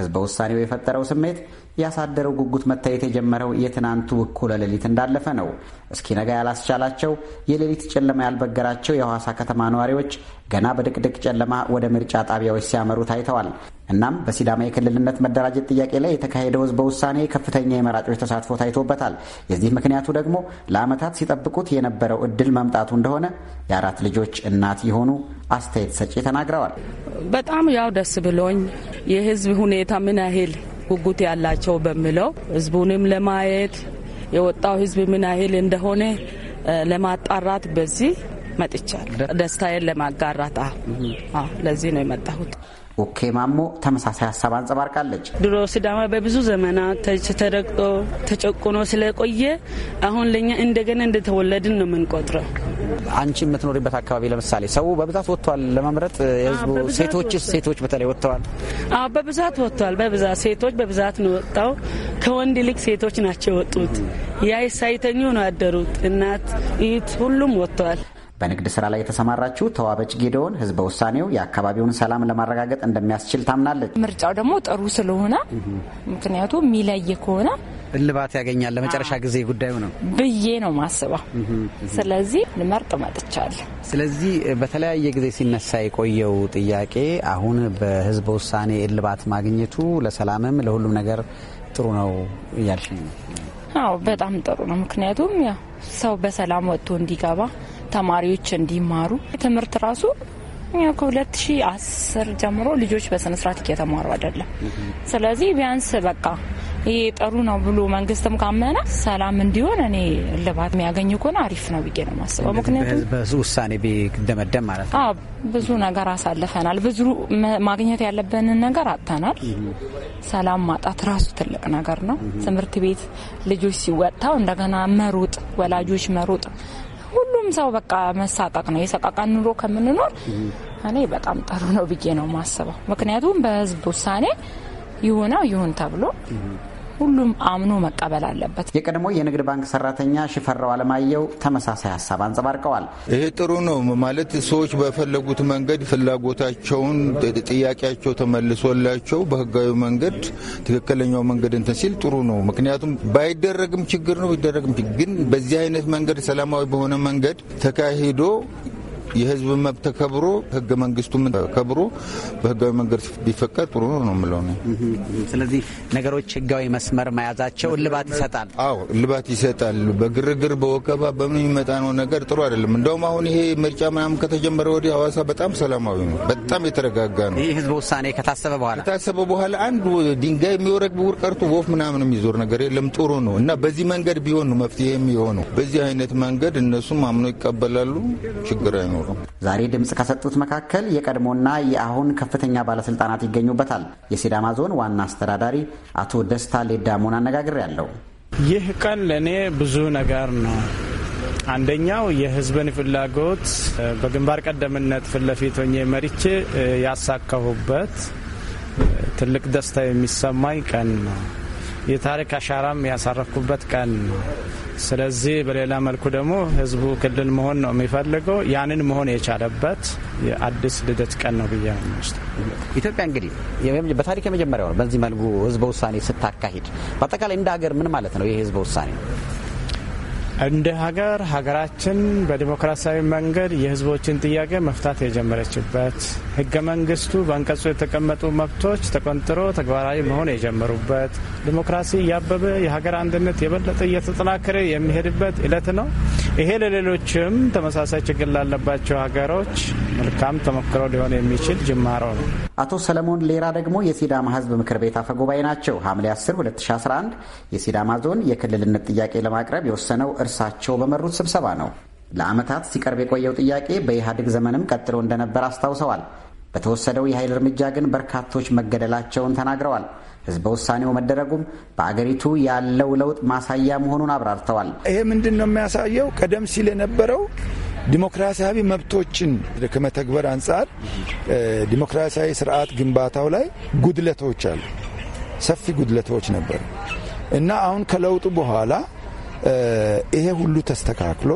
ህዝበ ውሳኔው የፈጠረው ስሜት ያሳደረው ጉጉት መታየት የጀመረው የትናንቱ እኩለ ሌሊት እንዳለፈ ነው። እስኪነጋ ያላስቻላቸው የሌሊት ጨለማ ያልበገራቸው የሐዋሳ ከተማ ነዋሪዎች ገና በድቅድቅ ጨለማ ወደ ምርጫ ጣቢያዎች ሲያመሩ ታይተዋል። እናም በሲዳማ የክልልነት መደራጀት ጥያቄ ላይ የተካሄደው ህዝበ ውሳኔ ከፍተኛ የመራጮች ተሳትፎ ታይቶበታል። የዚህ ምክንያቱ ደግሞ ለዓመታት ሲጠብቁት የነበረው እድል መምጣቱ እንደሆነ የአራት ልጆች እናት የሆኑ አስተያየት ሰጪ ተናግረዋል። በጣም ያው ደስ ብሎኝ የህዝብ ሁኔታ ምን ያህል ጉጉት ያላቸው በሚለው ህዝቡንም ለማየት የወጣው ህዝብ ምን ያህል እንደሆነ ለማጣራት በዚህ መጥቻለሁ። ደስታዬን ለማጋራት ለዚህ ነው የመጣሁት። ኦኬ ማሞ ተመሳሳይ ሀሳብ አንጸባርቃለች። ድሮ ሲዳማ በብዙ ዘመናት ተረግጦ ተጨቁኖ ስለቆየ አሁን ለእኛ እንደገና እንደተወለድን ነው የምንቆጥረው። አንቺ የምትኖሪበት አካባቢ ለምሳሌ ሰው በብዛት ወጥቷል ለመምረጥ የህዝቡ ሴቶች ሴቶች በተለይ ወጥተዋል። አዎ በብዛት ወጥተዋል። በብዛት ሴቶች በብዛት ነው ወጣው። ከወንድ ይልቅ ሴቶች ናቸው የወጡት። ያ ሳይተኙ ነው ያደሩት። እናት ይት ሁሉም ወጥተዋል። በንግድ ስራ ላይ የተሰማራችው ተዋበች ጌደውን ህዝበ ውሳኔው የአካባቢውን ሰላም ለማረጋገጥ እንደሚያስችል ታምናለች። ምርጫው ደግሞ ጥሩ ስለሆነ ምክንያቱ የሚለይ ከሆነ እልባት ያገኛል። ለመጨረሻ ጊዜ ጉዳዩ ነው ብዬ ነው ማስበው። ስለዚህ ልመርጥ መጥቻለሁ። ስለዚህ በተለያየ ጊዜ ሲነሳ የቆየው ጥያቄ አሁን በህዝበ ውሳኔ እልባት ማግኘቱ ለሰላምም ለሁሉም ነገር ጥሩ ነው እያልሽ ነው? አዎ በጣም ጥሩ ነው። ምክንያቱም ሰው በሰላም ወጥቶ እንዲገባ ተማሪዎች እንዲማሩ ትምህርት ራሱ ከ2010 አስር ጀምሮ ልጆች በስነስርዓት እየተማሩ አይደለም። ስለዚህ ቢያንስ በቃ ይሄ ጥሩ ነው ብሎ መንግስትም ካመነ ሰላም እንዲሆን እኔ እልባት የሚያገኝ ከሆነ አሪፍ ነው ብዬ ነው ማስበው። ምክንያቱም ውሳኔ ቢደመደም ማለት ነው። ብዙ ነገር አሳልፈናል። ብዙ ማግኘት ያለብንን ነገር አጥተናል። ሰላም ማጣት ራሱ ትልቅ ነገር ነው። ትምህርት ቤት ልጆች ሲወጣው እንደገና መሮጥ፣ ወላጆች መሮጥ ሰው በቃ መሳቀቅ ነው የሰቃቃን ኑሮ ከምንኖር እኔ በጣም ጥሩ ነው ብዬ ነው ማስበው። ምክንያቱም በህዝብ ውሳኔ ይሁነው ይሁን ተብሎ ሁሉም አምኖ መቀበል አለበት። የቀድሞ የንግድ ባንክ ሰራተኛ ሽፈራው አለማየሁ ተመሳሳይ ሀሳብ አንጸባርቀዋል። ይሄ ጥሩ ነው ማለት ሰዎች በፈለጉት መንገድ ፍላጎታቸውን፣ ጥያቄያቸው ተመልሶላቸው በህጋዊ መንገድ ትክክለኛው መንገድ እንትን ሲል ጥሩ ነው። ምክንያቱም ባይደረግም ችግር ነው፣ ቢደረግም ግን በዚህ አይነት መንገድ ሰላማዊ በሆነ መንገድ ተካሂዶ የህዝብ መብት ከብሮ ህገ መንግስቱም ከብሮ በህጋዊ መንገድ ቢፈቀድ ጥሩ ነው የምለው ነው። ስለዚህ ነገሮች ህጋዊ መስመር መያዛቸው እልባት ይሰጣል። አዎ እልባት ይሰጣል። በግርግር በወከባ በምን የሚመጣ ነው ነገር ጥሩ አይደለም። እንደውም አሁን ይሄ ምርጫ ምናምን ከተጀመረ ወዲህ ሀዋሳ በጣም ሰላማዊ ነው፣ በጣም የተረጋጋ ነው። ይህ ህዝብ ውሳኔ ከታሰበ በኋላ ከታሰበ በኋላ አንድ ድንጋይ የሚወረግ ብውር ቀርቶ ወፍ ምናምን የሚዞር ነገር የለም። ጥሩ ነው እና በዚህ መንገድ ቢሆን ነው መፍትሄ የሚሆነው። በዚህ አይነት መንገድ እነሱም አምኖ ይቀበላሉ። ችግር አይኖ ኖሩ። ዛሬ ድምፅ ከሰጡት መካከል የቀድሞና የአሁን ከፍተኛ ባለስልጣናት ይገኙበታል። የሲዳማ ዞን ዋና አስተዳዳሪ አቶ ደስታ ሌዳሞን ያለው። ይህ ቀን ለእኔ ብዙ ነገር ነው። አንደኛው የህዝብን ፍላጎት በግንባር ቀደምነት ፊት ለፊት ሆኜ መሪቼ ያሳካሁበት ትልቅ ደስታ የሚሰማኝ ቀን ነው። የታሪክ አሻራም ያሳረፍኩበት ቀን ነው። ስለዚህ በሌላ መልኩ ደግሞ ህዝቡ ክልል መሆን ነው የሚፈልገው ያንን መሆን የቻለበት የአዲስ ልደት ቀን ነው ብዬ ነው ኢትዮጵያ እንግዲህ በታሪክ የመጀመሪያው ነው። በዚህ መልኩ ህዝበ ውሳኔ ስታካሂድ በአጠቃላይ እንደ ሀገር ምን ማለት ነው ይህ ህዝበ ውሳኔ ነው? እንደ ሀገር ሀገራችን በዲሞክራሲያዊ መንገድ የህዝቦችን ጥያቄ መፍታት የጀመረችበት ህገ መንግስቱ በአንቀጹ የተቀመጡ መብቶች ተቆንጥሮ ተግባራዊ መሆን የጀመሩበት ዲሞክራሲ እያበበ የሀገር አንድነት የበለጠ እየተጠናከረ የሚሄድበት እለት ነው። ይሄ ለሌሎችም ተመሳሳይ ችግር ላለባቸው ሀገሮች መልካም ተሞክሮ ሊሆን የሚችል ጅማሮ ነው። አቶ ሰለሞን ሌራ ደግሞ የሲዳማ ህዝብ ምክር ቤት አፈ ጉባኤ ናቸው። ሐምሌ 10 2011 የሲዳማ ዞን የክልልነት ጥያቄ ለማቅረብ የወሰነው እርሳቸው በመሩት ስብሰባ ነው። ለዓመታት ሲቀርብ የቆየው ጥያቄ በኢህአዴግ ዘመንም ቀጥሎ እንደነበር አስታውሰዋል። በተወሰደው የኃይል እርምጃ ግን በርካቶች መገደላቸውን ተናግረዋል። ህዝበ ውሳኔው መደረጉም በአገሪቱ ያለው ለውጥ ማሳያ መሆኑን አብራርተዋል። ይሄ ምንድን ነው የሚያሳየው? ቀደም ሲል የነበረው ዲሞክራሲያዊ መብቶችን ከመተግበር አንጻር ዲሞክራሲያዊ ስርዓት ግንባታው ላይ ጉድለቶች አሉ፣ ሰፊ ጉድለቶች ነበሩ እና አሁን ከለውጡ በኋላ ይሄ ሁሉ ተስተካክሎ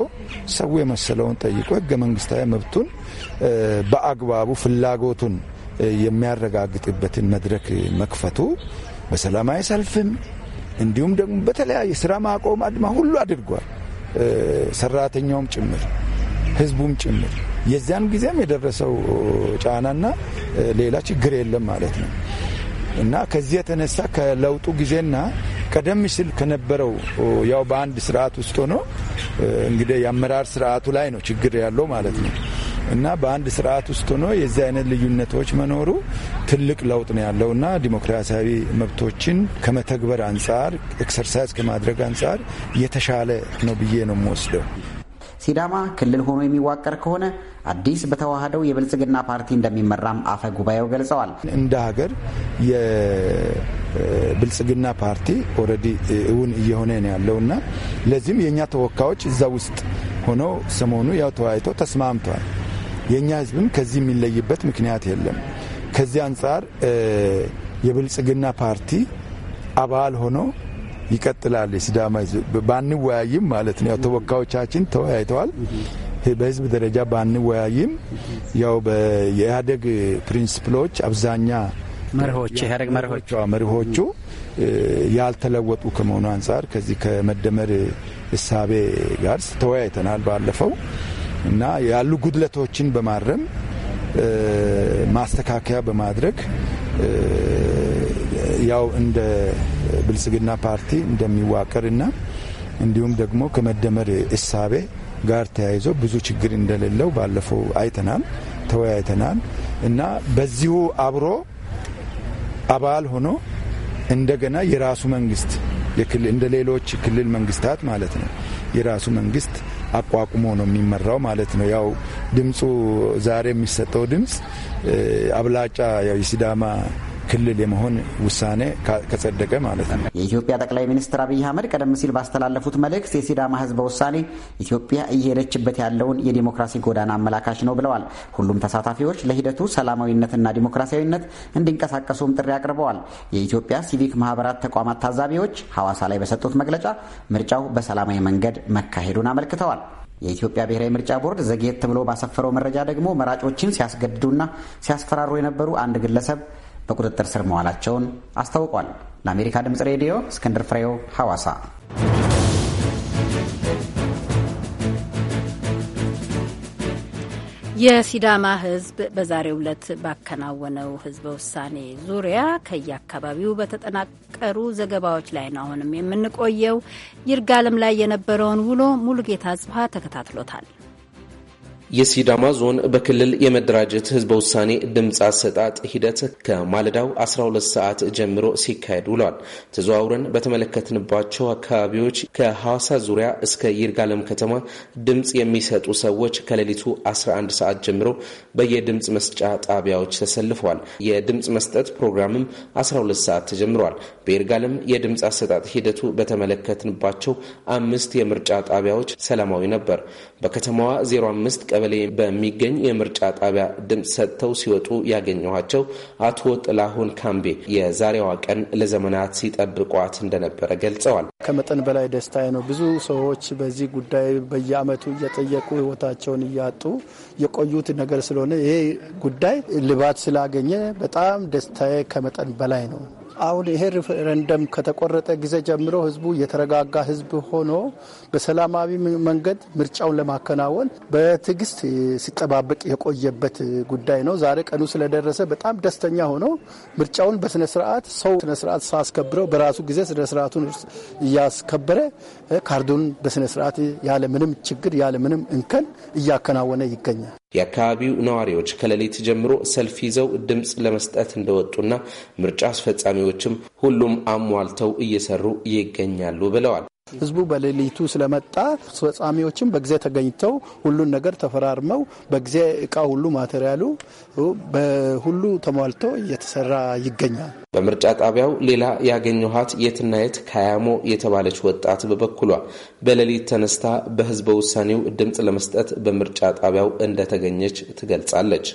ሰው የመሰለውን ጠይቆ ህገ መንግስታዊ መብቱን በአግባቡ ፍላጎቱን የሚያረጋግጥበትን መድረክ መክፈቱ በሰላማዊ ሰልፍም እንዲሁም ደግሞ በተለያየ ስራ ማቆም አድማ ሁሉ አድርጓል። ሰራተኛውም ጭምር ህዝቡም ጭምር የዚያን ጊዜም የደረሰው ጫናና ሌላ ችግር የለም ማለት ነው። እና ከዚህ የተነሳ ከለውጡ ጊዜና ቀደም ሲል ከነበረው ያው በአንድ ስርዓት ውስጥ ሆኖ እንግዲህ የአመራር ስርዓቱ ላይ ነው ችግር ያለው ማለት ነው። እና በአንድ ስርዓት ውስጥ ሆኖ የዚህ አይነት ልዩነቶች መኖሩ ትልቅ ለውጥ ነው ያለው እና ዲሞክራሲያዊ መብቶችን ከመተግበር አንጻር ኤክሰርሳይዝ ከማድረግ አንጻር የተሻለ ነው ብዬ ነው የምወስደው። ሲዳማ ክልል ሆኖ የሚዋቀር ከሆነ አዲስ በተዋህደው የብልጽግና ፓርቲ እንደሚመራም አፈ ጉባኤው ገልጸዋል። እንደ ሀገር የብልጽግና ፓርቲ ኦልሬዲ እውን እየሆነ ነው ያለው እና ለዚህም የእኛ ተወካዮች እዛ ውስጥ ሆነው ሰሞኑ ያው ተወያይቶ ተስማምተዋል። የእኛ ህዝብም ከዚህ የሚለይበት ምክንያት የለም። ከዚህ አንጻር የብልጽግና ፓርቲ አባል ሆኖ ይቀጥላል። የሲዳማ ህዝብ ባንወያይም ማለት ነው። ያው ተወካዮቻችን ተወያይተዋል። በህዝብ ደረጃ ባንወያይም ያው የኢህአዴግ ፕሪንስፕሎች አብዛኛ መርሆች ኢህአዴግ መርሆች መርሆቹ ያልተለወጡ ከመሆኑ አንጻር ከዚህ ከመደመር እሳቤ ጋር ተወያይተናል ባለፈው እና ያሉ ጉድለቶችን በማረም ማስተካከያ በማድረግ ያው እንደ ብልጽግና ፓርቲ እንደሚዋቀርና እንዲሁም ደግሞ ከመደመር እሳቤ ጋር ተያይዞ ብዙ ችግር እንደሌለው ባለፈው አይተናል፣ ተወያይተናል እና በዚሁ አብሮ አባል ሆኖ እንደገና የራሱ መንግስት እንደ ሌሎች ክልል መንግስታት ማለት ነው የራሱ መንግስት አቋቁሞ ነው የሚመራው ማለት ነው። ያው ድምፁ ዛሬ የሚሰጠው ድምፅ አብላጫ ያው የሲዳማ ክልል የመሆን ውሳኔ ከጸደቀ ማለት ነው። የኢትዮጵያ ጠቅላይ ሚኒስትር አብይ አህመድ ቀደም ሲል ባስተላለፉት መልእክት የሲዳማ ህዝበ ውሳኔ ኢትዮጵያ እየሄደችበት ያለውን የዲሞክራሲ ጎዳና አመላካች ነው ብለዋል። ሁሉም ተሳታፊዎች ለሂደቱ ሰላማዊነትና ዲሞክራሲያዊነት እንዲንቀሳቀሱም ጥሪ አቅርበዋል። የኢትዮጵያ ሲቪክ ማህበራት ተቋማት ታዛቢዎች ሐዋሳ ላይ በሰጡት መግለጫ ምርጫው በሰላማዊ መንገድ መካሄዱን አመልክተዋል። የኢትዮጵያ ብሔራዊ ምርጫ ቦርድ ዘግየት ብሎ ባሰፈረው መረጃ ደግሞ መራጮችን ሲያስገድዱና ሲያስፈራሩ የነበሩ አንድ ግለሰብ በቁጥጥር ስር መዋላቸውን አስታውቋል። ለአሜሪካ ድምፅ ሬዲዮ እስክንድር ፍሬው ሐዋሳ። የሲዳማ ህዝብ በዛሬው ዕለት ባከናወነው ህዝበ ውሳኔ ዙሪያ ከየአካባቢው በተጠናቀሩ ዘገባዎች ላይ ነው አሁንም የምንቆየው። ይርጋለም ላይ የነበረውን ውሎ ሙሉጌታ ጽፋ ተከታትሎታል። የሲዳማ ዞን በክልል የመደራጀት ህዝበ ውሳኔ ድምፅ አሰጣጥ ሂደት ከማለዳው 12 ሰዓት ጀምሮ ሲካሄድ ውሏል። ተዘዋውረን በተመለከትንባቸው አካባቢዎች ከሐዋሳ ዙሪያ እስከ ይርጋለም ከተማ ድምፅ የሚሰጡ ሰዎች ከሌሊቱ 11 ሰዓት ጀምሮ በየድምፅ መስጫ ጣቢያዎች ተሰልፈዋል። የድምፅ መስጠት ፕሮግራምም 12 ሰዓት ተጀምሯል። በይርጋለም የድምፅ አሰጣጥ ሂደቱ በተመለከትንባቸው አምስት የምርጫ ጣቢያዎች ሰላማዊ ነበር። በከተማዋ 05 ቀበሌ ቀበሌ በሚገኝ የምርጫ ጣቢያ ድምፅ ሰጥተው ሲወጡ ያገኘኋቸው አቶ ጥላሁን ካምቤ የዛሬዋ ቀን ለዘመናት ሲጠብቋት እንደነበረ ገልጸዋል። ከመጠን በላይ ደስታዬ ነው። ብዙ ሰዎች በዚህ ጉዳይ በየዓመቱ እየጠየቁ ህይወታቸውን እያጡ የቆዩት ነገር ስለሆነ ይሄ ጉዳይ ልባት ስላገኘ በጣም ደስታዬ ከመጠን በላይ ነው። አሁን ይሄ ሪፈረንደም ከተቆረጠ ጊዜ ጀምሮ ህዝቡ የተረጋጋ ህዝብ ሆኖ በሰላማዊ መንገድ ምርጫውን ለማከናወን በትዕግስት ሲጠባበቅ የቆየበት ጉዳይ ነው። ዛሬ ቀኑ ስለደረሰ በጣም ደስተኛ ሆኖ ምርጫውን በስነስርዓት ሰው ስነስርዓት ሳስከብረው በራሱ ጊዜ ስነስርዓቱን እያስከበረ ካርዱን በስነስርዓት ያለ ምንም ችግር ያለ ምንም እንከን እያከናወነ ይገኛል። የአካባቢው ነዋሪዎች ከሌሊት ጀምሮ ሰልፍ ይዘው ድምፅ ለመስጠት እንደወጡና ምርጫ አስፈጻሚዎችም ሁሉም አሟልተው እየሰሩ ይገኛሉ ብለዋል። ህዝቡ በሌሊቱ ስለመጣ አስፈጻሚዎችም በጊዜ ተገኝተው ሁሉን ነገር ተፈራርመው በጊዜ እቃ ሁሉ ማቴሪያሉ በሁሉ ተሟልቶ እየተሰራ ይገኛል። በምርጫ ጣቢያው ሌላ ያገኘኋት የትናየት ካያሞ የተባለች ወጣት በበኩሏ በሌሊት ተነስታ በህዝበ ውሳኔው ድምፅ ለመስጠት በምርጫ ጣቢያው እንደተገኘች ትገልጻለች።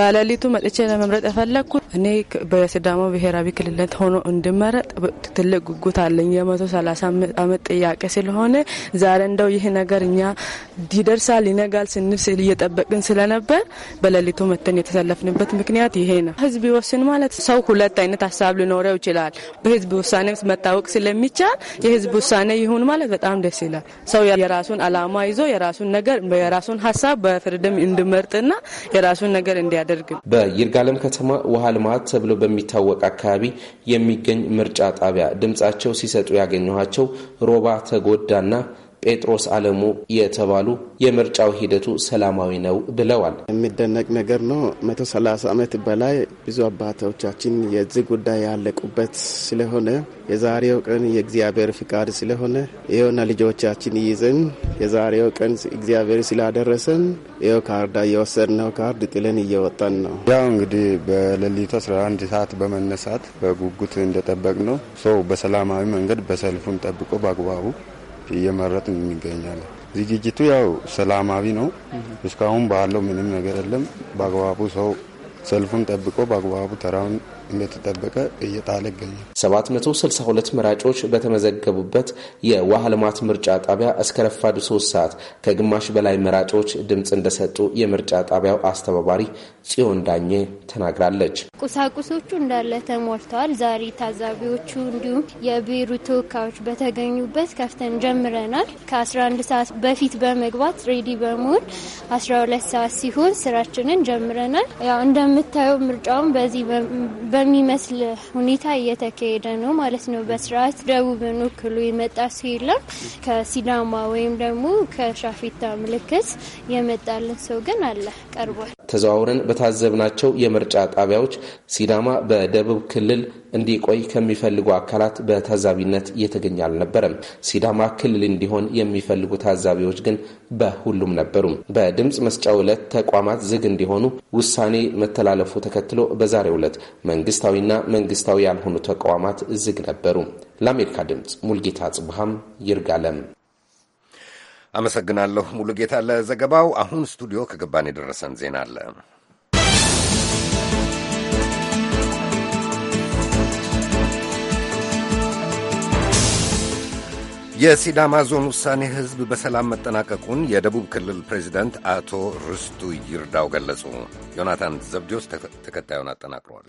በሌሊቱ መጥቼ ለመምረጥ የፈለግኩት እኔ በሲዳሞ ብሔራዊ ክልልነት ሆኖ እንድመረጥ ትልቅ ጉጉት አለኝ። የመቶ ሰላሳ አመት ጥያቄ ስለሆነ ዛሬ እንደው ይህ ነገር እኛ ይደርሳል ይነጋል ስንል እየጠበቅን ስለነበር በሌሊቱ መተን የተሰለ ያሳለፍንበት ምክንያት ይሄ ነው። ህዝብ ይወስን ማለት ሰው ሁለት አይነት ሀሳብ ሊኖረው ይችላል። በህዝብ ውሳኔ መታወቅ ስለሚቻል የህዝብ ውሳኔ ይሁን ማለት በጣም ደስ ይላል። ሰው የራሱን አላማ ይዞ የራሱን ነገር የራሱን ሀሳብ በፍርድም እንዲመርጥና የራሱን ነገር እንዲያደርግ በይርጋለም ከተማ ውሃ ልማት ተብሎ በሚታወቅ አካባቢ የሚገኝ ምርጫ ጣቢያ ድምጻቸው ሲሰጡ ያገኘኋቸው ሮባ ተጎዳና ጴጥሮስ አለሙ የተባሉ የምርጫው ሂደቱ ሰላማዊ ነው ብለዋል። የሚደነቅ ነገር ነው። መቶ ሰላሳ ዓመት በላይ ብዙ አባቶቻችን የዚህ ጉዳይ ያለቁበት ስለሆነ የዛሬው ቀን የእግዚአብሔር ፍቃድ ስለሆነ የሆነ ልጆቻችን ይዘን የዛሬው ቀን እግዚአብሔር ስላደረሰን ይኸው ካርዳ እየወሰድነው ካርድ ጥለን እየወጣን ነው። ያው እንግዲህ በሌሊቱ 11 ሰዓት በመነሳት በጉጉት እንደጠበቅ ነው ሰው በሰላማዊ መንገድ በሰልፉን ጠብቆ በአግባቡ እየመረጥን እንገኛለን። ዝግጅቱ ያው ሰላማዊ ነው። እስካሁን ባለው ምንም ነገር የለም። በአግባቡ ሰው ሰልፉን ጠብቆ በአግባቡ ተራውን እንደተጠበቀ እየጣለ ይገኛል። 762 መራጮች በተመዘገቡበት የዋህ ልማት ምርጫ ጣቢያ እስከ ረፋዱ 3 ሰዓት ከግማሽ በላይ መራጮች ድምፅ እንደሰጡ የምርጫ ጣቢያው አስተባባሪ ጽዮን ዳኜ ተናግራለች። ቁሳቁሶቹ እንዳለ ተሞልተዋል ዛሬ ታዛቢዎቹ እንዲሁም የብሔሩ ተወካዮች በተገኙበት ከፍተን ጀምረናል። ከ11 ሰዓት በፊት በመግባት ሬዲ በመሆን 12 ሰዓት ሲሆን ስራችንን ጀምረናል። ያው እንደምታየው ምርጫውን በዚህ በሚመስል ሁኔታ እየተካሄደ ነው ማለት ነው። በስርዓት ደቡብን ወክሎ የመጣ ሰው የለም። ከሲዳማ ወይም ደግሞ ከሻፌታ ምልክት የመጣልን ሰው ግን አለ ቀርቧል። ተዘዋውረን በታዘብናቸው የምርጫ ጣቢያዎች ሲዳማ በደቡብ ክልል እንዲቆይ ከሚፈልጉ አካላት በታዛቢነት እየተገኘ አልነበረም። ሲዳማ ክልል እንዲሆን የሚፈልጉ ታዛቢዎች ግን በሁሉም ነበሩ። በድምፅ መስጫ ዕለት ተቋማት ዝግ እንዲሆኑ ውሳኔ መተላለፉ ተከትሎ በዛሬው ዕለት መንግስት መንግስታዊና መንግስታዊ ያልሆኑ ተቋማት ዝግ ነበሩ። ለአሜሪካ ድምፅ ሙልጌታ ጽብሃም ይርጋለም። አመሰግናለሁ ሙሉጌታ ለዘገባው። አሁን ስቱዲዮ ከገባን የደረሰን ዜና አለ። የሲዳማ ዞን ውሳኔ ህዝብ በሰላም መጠናቀቁን የደቡብ ክልል ፕሬዚደንት አቶ ርስቱ ይርዳው ገለጹ። ዮናታን ዘብዲዮስ ተከታዩን አጠናቅረዋል።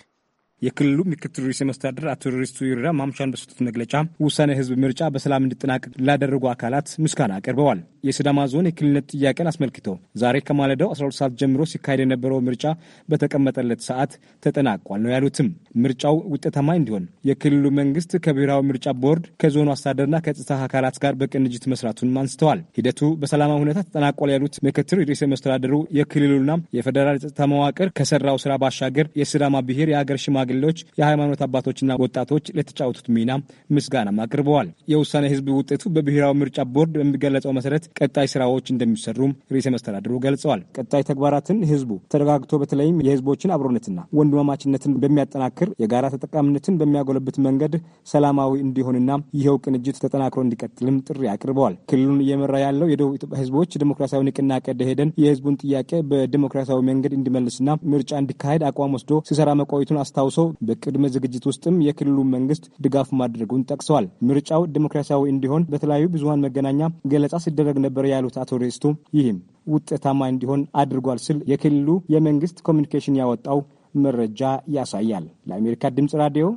የክልሉ ምክትል ርዕሰ መስተዳድር አቶ ሪስቱ ይርዳ ማምሻን በሰጡት መግለጫ ውሳኔ ህዝብ ምርጫ በሰላም እንዲጠናቀቅ ላደረጉ አካላት ምስጋና አቅርበዋል። የሲዳማ ዞን የክልልነት ጥያቄን አስመልክቶ ዛሬ ከማለዳው 12 ሰዓት ጀምሮ ሲካሄድ የነበረው ምርጫ በተቀመጠለት ሰዓት ተጠናቋል ነው ያሉትም። ምርጫው ውጤታማ እንዲሆን የክልሉ መንግስት ከብሔራዊ ምርጫ ቦርድ፣ ከዞኑ አስተዳደርና ከጸጥታ አካላት ጋር በቅንጅት መስራቱን አንስተዋል። ሂደቱ በሰላማዊ ሁኔታ ተጠናቋል ያሉት ምክትል ርዕሰ መስተዳድሩ የክልሉና የፌዴራል የጸጥታ መዋቅር ከሰራው ስራ ባሻገር የሲዳማ ብሔር የአገር ሽማ። ሽማግሌዎች፣ የሃይማኖት አባቶችና ወጣቶች ለተጫወቱት ሚና ምስጋናም አቅርበዋል። የውሳኔ ህዝብ ውጤቱ በብሔራዊ ምርጫ ቦርድ በሚገለጸው መሰረት ቀጣይ ስራዎች እንደሚሰሩም ርዕሰ መስተዳድሩ ገልጸዋል። ቀጣይ ተግባራትን ህዝቡ ተረጋግቶ በተለይም የህዝቦችን አብሮነትና ወንድማማችነትን በሚያጠናክር የጋራ ተጠቃሚነትን በሚያጎለብት መንገድ ሰላማዊ እንዲሆንና ይኸው ቅንጅት ተጠናክሮ እንዲቀጥልም ጥሪ አቅርበዋል። ክልሉን እየመራ ያለው የደቡብ ኢትዮጵያ ህዝቦች ዲሞክራሲያዊ ንቅናቄ ደኢህዴን የህዝቡን ጥያቄ በዲሞክራሲያዊ መንገድ እንዲመልስና ምርጫ እንዲካሄድ አቋም ወስዶ ሲሰራ መቆየቱን አስታውሶ በቅድመ ዝግጅት ውስጥም የክልሉ መንግስት ድጋፍ ማድረጉን ጠቅሰዋል። ምርጫው ዲሞክራሲያዊ እንዲሆን በተለያዩ ብዙሀን መገናኛ ገለጻ ሲደረግ ነበር ያሉት አቶ ሬስቱ ይህም ውጤታማ እንዲሆን አድርጓል ስል የክልሉ የመንግስት ኮሚኒኬሽን ያወጣው መረጃ ያሳያል። ለአሜሪካ ድምጽ ራዲዮ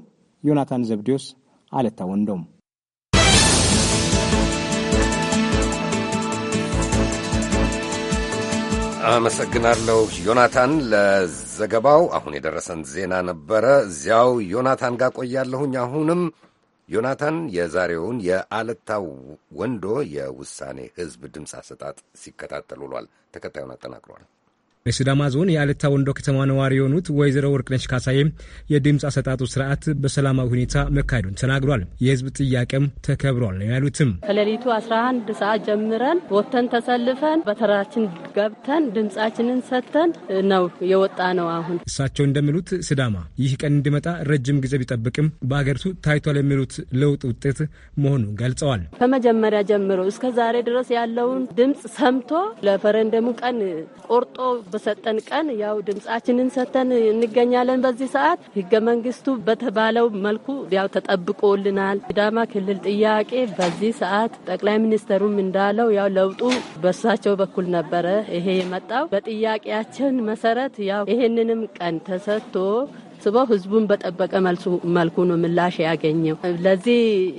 ዮናታን ዘብዲዮስ አለታ ወንዶም አመሰግናለሁ ዮናታን ለዘገባው። አሁን የደረሰን ዜና ነበረ። እዚያው ዮናታን ጋር ቆያለሁኝ። አሁንም ዮናታን የዛሬውን የአለታ ወንዶ የውሳኔ ህዝብ ድምፅ አሰጣጥ ሲከታተል ውሏል። ተከታዩን አጠናቅሯል። የሲዳማ ዞን የአለታ ወንዶ ከተማ ነዋሪ የሆኑት ወይዘሮ ወርቅነሽ ካሳዬ የድምፅ አሰጣጡ ስርዓት በሰላማዊ ሁኔታ መካሄዱን ተናግሯል። የህዝብ ጥያቄም ተከብሯል ነው ያሉትም። ከሌሊቱ 11 ሰዓት ጀምረን ወጥተን ተሰልፈን በተራችን ገብተን ድምፃችንን ሰጥተን ነው የወጣ ነው። አሁን እሳቸው እንደሚሉት ሲዳማ ይህ ቀን እንዲመጣ ረጅም ጊዜ ቢጠብቅም በሀገሪቱ ታይቷል የሚሉት ለውጥ ውጤት መሆኑን ገልጸዋል። ከመጀመሪያ ጀምሮ እስከ ዛሬ ድረስ ያለውን ድምፅ ሰምቶ ለፈረንደሙ ቀን ቆርጦ በሰጠን ቀን ያው ድምጻችንን ሰጥተን እንገኛለን። በዚህ ሰዓት ህገ መንግስቱ በተባለው መልኩ ያው ተጠብቆልናል። ሲዳማ ክልል ጥያቄ በዚህ ሰዓት ጠቅላይ ሚኒስትሩም እንዳለው ያው ለውጡ በሳቸው በኩል ነበረ ይሄ የመጣው በጥያቄያችን መሰረት ያው ይሄንንም ቀን ተሰጥቶ ሳናስበው ህዝቡን በጠበቀ መልኩ ነው ምላሽ ያገኘው። ለዚህ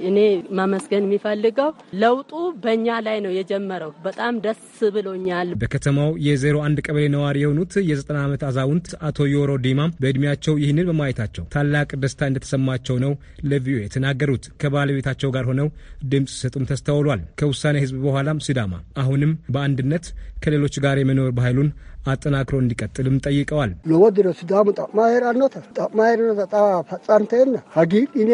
እኔ ማመስገን የሚፈልገው ለውጡ በእኛ ላይ ነው የጀመረው። በጣም ደስ ብሎኛል። በከተማው የዜሮ አንድ ቀበሌ ነዋሪ የሆኑት የዘጠና ዓመት አዛውንት አቶ ዮሮ ዲማ በእድሜያቸው ይህንን በማየታቸው ታላቅ ደስታ እንደተሰማቸው ነው ለቪኦኤ የተናገሩት። ከባለቤታቸው ጋር ሆነው ድምፅ ሲሰጡም ተስተውሏል። ከውሳኔ ህዝብ በኋላም ሲዳማ አሁንም በአንድነት ከሌሎች ጋር የመኖር ባህሉን አጠናክሮ እንዲቀጥልም ጠይቀዋል። ለወድሮ ሲዳሙ ጠቅማሄር አኖተ ጠቅማሄር ጣ ፈጻምተና ሀጊ ኢኔ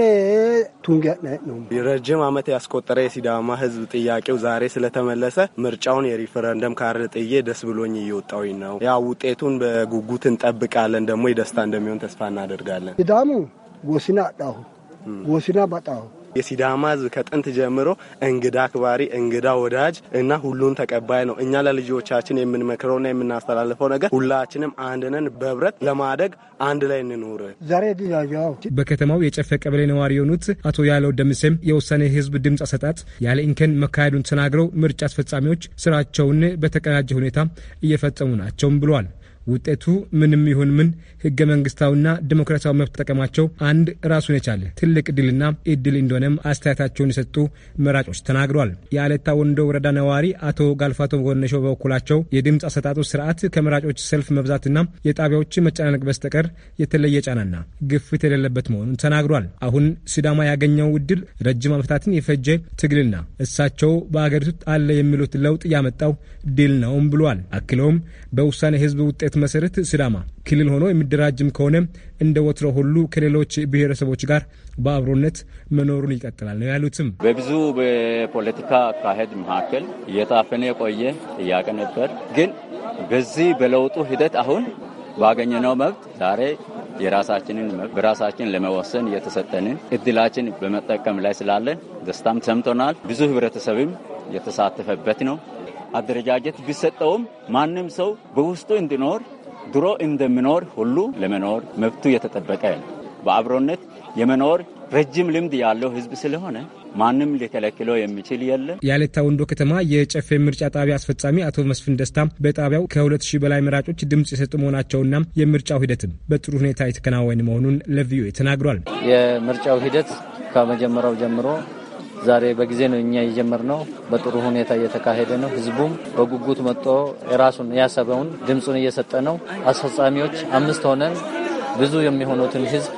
ቱንጋ ነው። ረጅም ዓመት ያስቆጠረ የሲዳማ ህዝብ ጥያቄው ዛሬ ስለተመለሰ ምርጫውን የሪፈረንደም ካርድ ጥዬ ደስ ብሎኝ እየወጣሁኝ ነው። ያ ውጤቱን በጉጉት እንጠብቃለን። ደግሞ የደስታ እንደሚሆን ተስፋ እናደርጋለን። ሲዳሙ ወሲና አዳሁ ወሲና በጣሁ የሲዳማ ህዝብ ከጥንት ጀምሮ እንግዳ አክባሪ፣ እንግዳ ወዳጅ እና ሁሉን ተቀባይ ነው። እኛ ለልጆቻችን የምንመክረውና የምናስተላልፈው ነገር ሁላችንም አንድነን በህብረት ለማደግ አንድ ላይ እንኖር። ዛሬ በከተማው የጨፈ ቀበሌ ነዋሪ የሆኑት አቶ ያለው ደምሴም የውሳኔ ህዝብ ድምፅ አሰጣጥ ያለ እንከን መካሄዱን ተናግረው ምርጫ አስፈጻሚዎች ስራቸውን በተቀናጀ ሁኔታ እየፈጸሙ ናቸውም ብሏል። ውጤቱ ምንም ይሁን ምን ህገ መንግስታዊና ዲሞክራሲያዊ መብት ተጠቀማቸው አንድ ራሱን የቻለ ትልቅ ድልና እድል እንደሆነም አስተያየታቸውን የሰጡ መራጮች ተናግሯል። የአለታ ወንዶ ወረዳ ነዋሪ አቶ ጋልፋቶ ጎነሾ በበኩላቸው የድምፅ አሰጣጡ ስርዓት ከመራጮች ሰልፍ መብዛትና የጣቢያዎች መጨናነቅ በስተቀር የተለየ ጫናና ግፊት የሌለበት መሆኑን ተናግሯል። አሁን ሲዳማ ያገኘው እድል ረጅም ዓመታትን የፈጀ ትግልና እሳቸው በአገሪቱ አለ የሚሉት ለውጥ ያመጣው ድል ነውም ብሏል። አክለውም በውሳኔ ህዝብ ውጤት መሰረት ሲዳማ ክልል ሆኖ የሚደራጅም ከሆነ እንደ ወትሮ ሁሉ ከሌሎች ብሔረሰቦች ጋር በአብሮነት መኖሩን ይቀጥላል ነው ያሉትም። በብዙ በፖለቲካ አካሄድ መካከል እየታፈነ የቆየ ጥያቄ ነበር። ግን በዚህ በለውጡ ሂደት አሁን ባገኘነው መብት ዛሬ የራሳችንን በራሳችን ለመወሰን እየተሰጠንን እድላችን በመጠቀም ላይ ስላለን ደስታም ሰምቶናል። ብዙ ህብረተሰብም የተሳተፈበት ነው። አደረጃጀት ቢሰጠውም ማንም ሰው በውስጡ እንዲኖር ድሮ እንደሚኖር ሁሉ ለመኖር መብቱ የተጠበቀ ነው። በአብሮነት የመኖር ረጅም ልምድ ያለው ህዝብ ስለሆነ ማንም ሊከለክለው የሚችል የለም። የአለታ ወንዶ ከተማ የጨፌ ምርጫ ጣቢያ አስፈጻሚ አቶ መስፍን ደስታ በጣቢያው ከሁለት ሺህ በላይ መራጮች ድምፅ የሰጡ መሆናቸውና የምርጫው ሂደትም በጥሩ ሁኔታ የተከናወነ መሆኑን ለቪዮኤ ተናግሯል። የምርጫው ሂደት ከመጀመሪያው ጀምሮ ዛሬ በጊዜ ነው እኛ የጀመርነው። በጥሩ ሁኔታ እየተካሄደ ነው። ህዝቡም በጉጉት መጥቶ የራሱን ያሰበውን ድምፁን እየሰጠ ነው። አስፈጻሚዎች አምስት ሆነን ብዙ የሚሆኑትን ህዝብ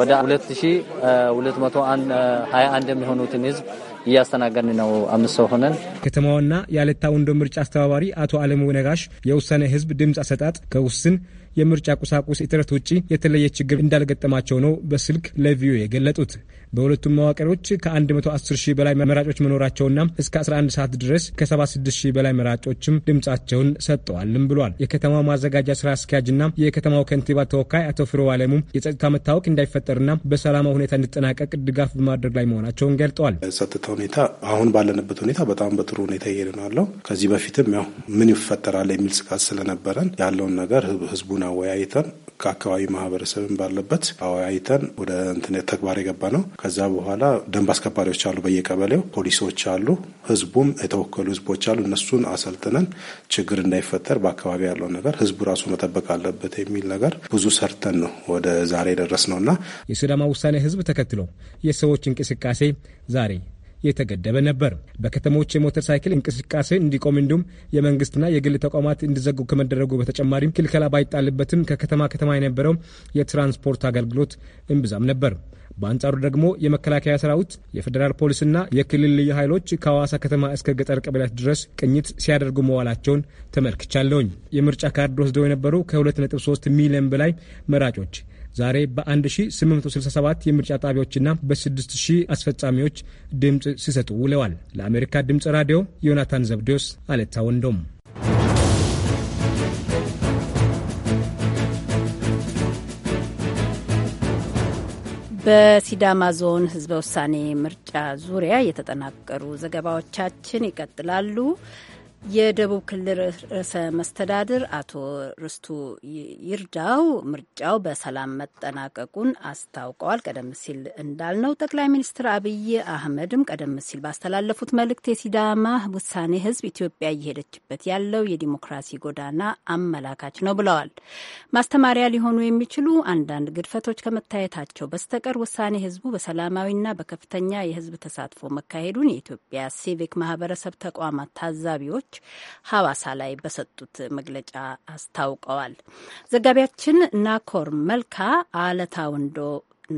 ወደ 2221 የሚሆኑትን ህዝብ እያስተናገድን ነው። አምስት ሰው ሆነን ከተማዋና የአለታ ወንዶ ምርጫ አስተባባሪ አቶ አለሙ ነጋሽ የውሳኔ ህዝብ ድምፅ አሰጣጥ ከውስን የምርጫ ቁሳቁስ እጥረት ውጪ የተለየ ችግር እንዳልገጠማቸው ነው በስልክ ለቪዮ የገለጡት። በሁለቱም መዋቅሮች ከ110 ሺህ በላይ መራጮች መኖራቸውና እስከ 11 ሰዓት ድረስ ከ76 ሺህ በላይ መራጮችም ድምጻቸውን ሰጥተዋልም ብሏል። የከተማው ማዘጋጃ ስራ አስኪያጅና የከተማው ከንቲባ ተወካይ አቶ ፍሮ አለሙ የጸጥታ መታወቅ እንዳይፈጠርና በሰላማዊ ሁኔታ እንዲጠናቀቅ ድጋፍ በማድረግ ላይ መሆናቸውን ገልጠዋል። ጸጥታ ሁኔታ አሁን ባለንበት ሁኔታ በጣም በጥሩ ሁኔታ እየሄደ ነው ያለው። ከዚህ በፊትም ያው ምን ይፈጠራል የሚል ስጋት ስለነበረን ያለውን ነገር ህዝቡን አወያይተን ከአካባቢ ማህበረሰብን ባለበት አወያይተን ወደ እንትን ተግባር የገባ ነው። ከዛ በኋላ ደንብ አስከባሪዎች አሉ፣ በየቀበሌው ፖሊሶች አሉ፣ ህዝቡም የተወከሉ ህዝቦች አሉ። እነሱን አሰልጥነን ችግር እንዳይፈጠር በአካባቢ ያለው ነገር ህዝቡ ራሱ መጠበቅ አለበት የሚል ነገር ብዙ ሰርተን ነው ወደ ዛሬ ደረስ ነውና የሲዳማ ውሳኔ ህዝብ ተከትሎ የሰዎች እንቅስቃሴ ዛሬ የተገደበ ነበር። በከተሞች የሞተር ሳይክል እንቅስቃሴ እንዲቆም እንዲሁም የመንግስትና የግል ተቋማት እንዲዘጉ ከመደረጉ በተጨማሪም ክልከላ ባይጣልበትም ከከተማ ከተማ የነበረው የትራንስፖርት አገልግሎት እምብዛም ነበር። በአንጻሩ ደግሞ የመከላከያ ሰራዊት፣ የፌዴራል ፖሊስና የክልል ልዩ ኃይሎች ከሐዋሳ ከተማ እስከ ገጠር ቀበሌያት ድረስ ቅኝት ሲያደርጉ መዋላቸውን ተመልክቻለሁኝ። የምርጫ ካርድ ወስደው የነበሩ ከ2.3 ሚሊዮን በላይ መራጮች ዛሬ በ1867 የምርጫ ጣቢያዎችና በ6000 አስፈጻሚዎች ድምፅ ሲሰጡ ውለዋል። ለአሜሪካ ድምፅ ራዲዮ ዮናታን ዘብዴዎስ አለታ ወንዶም። በሲዳማ ዞን ህዝበ ውሳኔ ምርጫ ዙሪያ የተጠናቀሩ ዘገባዎቻችን ይቀጥላሉ። የደቡብ ክልል ርዕሰ መስተዳድር አቶ ርስቱ ይርዳው ምርጫው በሰላም መጠናቀቁን አስታውቀዋል። ቀደም ሲል እንዳልነው ጠቅላይ ሚኒስትር አብይ አህመድም ቀደም ሲል ባስተላለፉት መልእክት የሲዳማ ውሳኔ ህዝብ ኢትዮጵያ እየሄደችበት ያለው የዲሞክራሲ ጎዳና አመላካች ነው ብለዋል። ማስተማሪያ ሊሆኑ የሚችሉ አንዳንድ ግድፈቶች ከመታየታቸው በስተቀር ውሳኔ ህዝቡ በሰላማዊና በከፍተኛ የህዝብ ተሳትፎ መካሄዱን የኢትዮጵያ ሲቪክ ማህበረሰብ ተቋማት ታዛቢዎች እንደሆነች ሐዋሳ ላይ በሰጡት መግለጫ አስታውቀዋል። ዘጋቢያችን ናኮር መልካ አለታ ወንዶ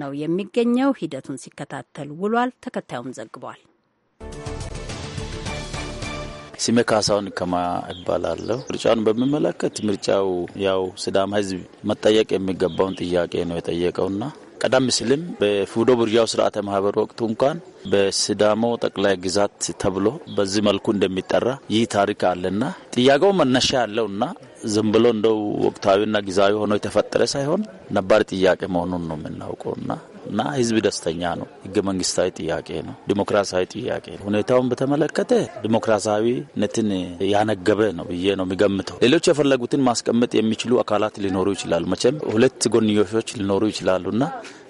ነው የሚገኘው። ሂደቱን ሲከታተል ውሏል። ተከታዩም ዘግቧል። ስሜ ካሳሁን ከማ እባላለሁ። ምርጫውን በሚመለከት ምርጫው ያው ሲዳማ ሕዝብ መጠየቅ የሚገባውን ጥያቄ ነው የጠየቀውና ቀደም ሲልም በፉዶ ቡርዣው ስርዓተ ማህበር ወቅቱ እንኳን በስዳሞ ጠቅላይ ግዛት ተብሎ በዚህ መልኩ እንደሚጠራ ይህ ታሪክ አለና ጥያቄው መነሻ ያለውና ዝም ብሎ እንደው ወቅታዊና ጊዜያዊ ሆኖ የተፈጠረ ሳይሆን ነባር ጥያቄ መሆኑን ነው የምናውቀውና እና ህዝብ ደስተኛ ነው። ህገ መንግስታዊ ጥያቄ ነው። ዲሞክራሲያዊ ጥያቄ ነው። ሁኔታውን በተመለከተ ዲሞክራሲያዊነትን ያነገበ ነው ብዬ ነው የሚገምተው። ሌሎች የፈለጉትን ማስቀመጥ የሚችሉ አካላት ሊኖሩ ይችላሉ። መቼም ሁለት ጎንዮሾች ሊኖሩ እና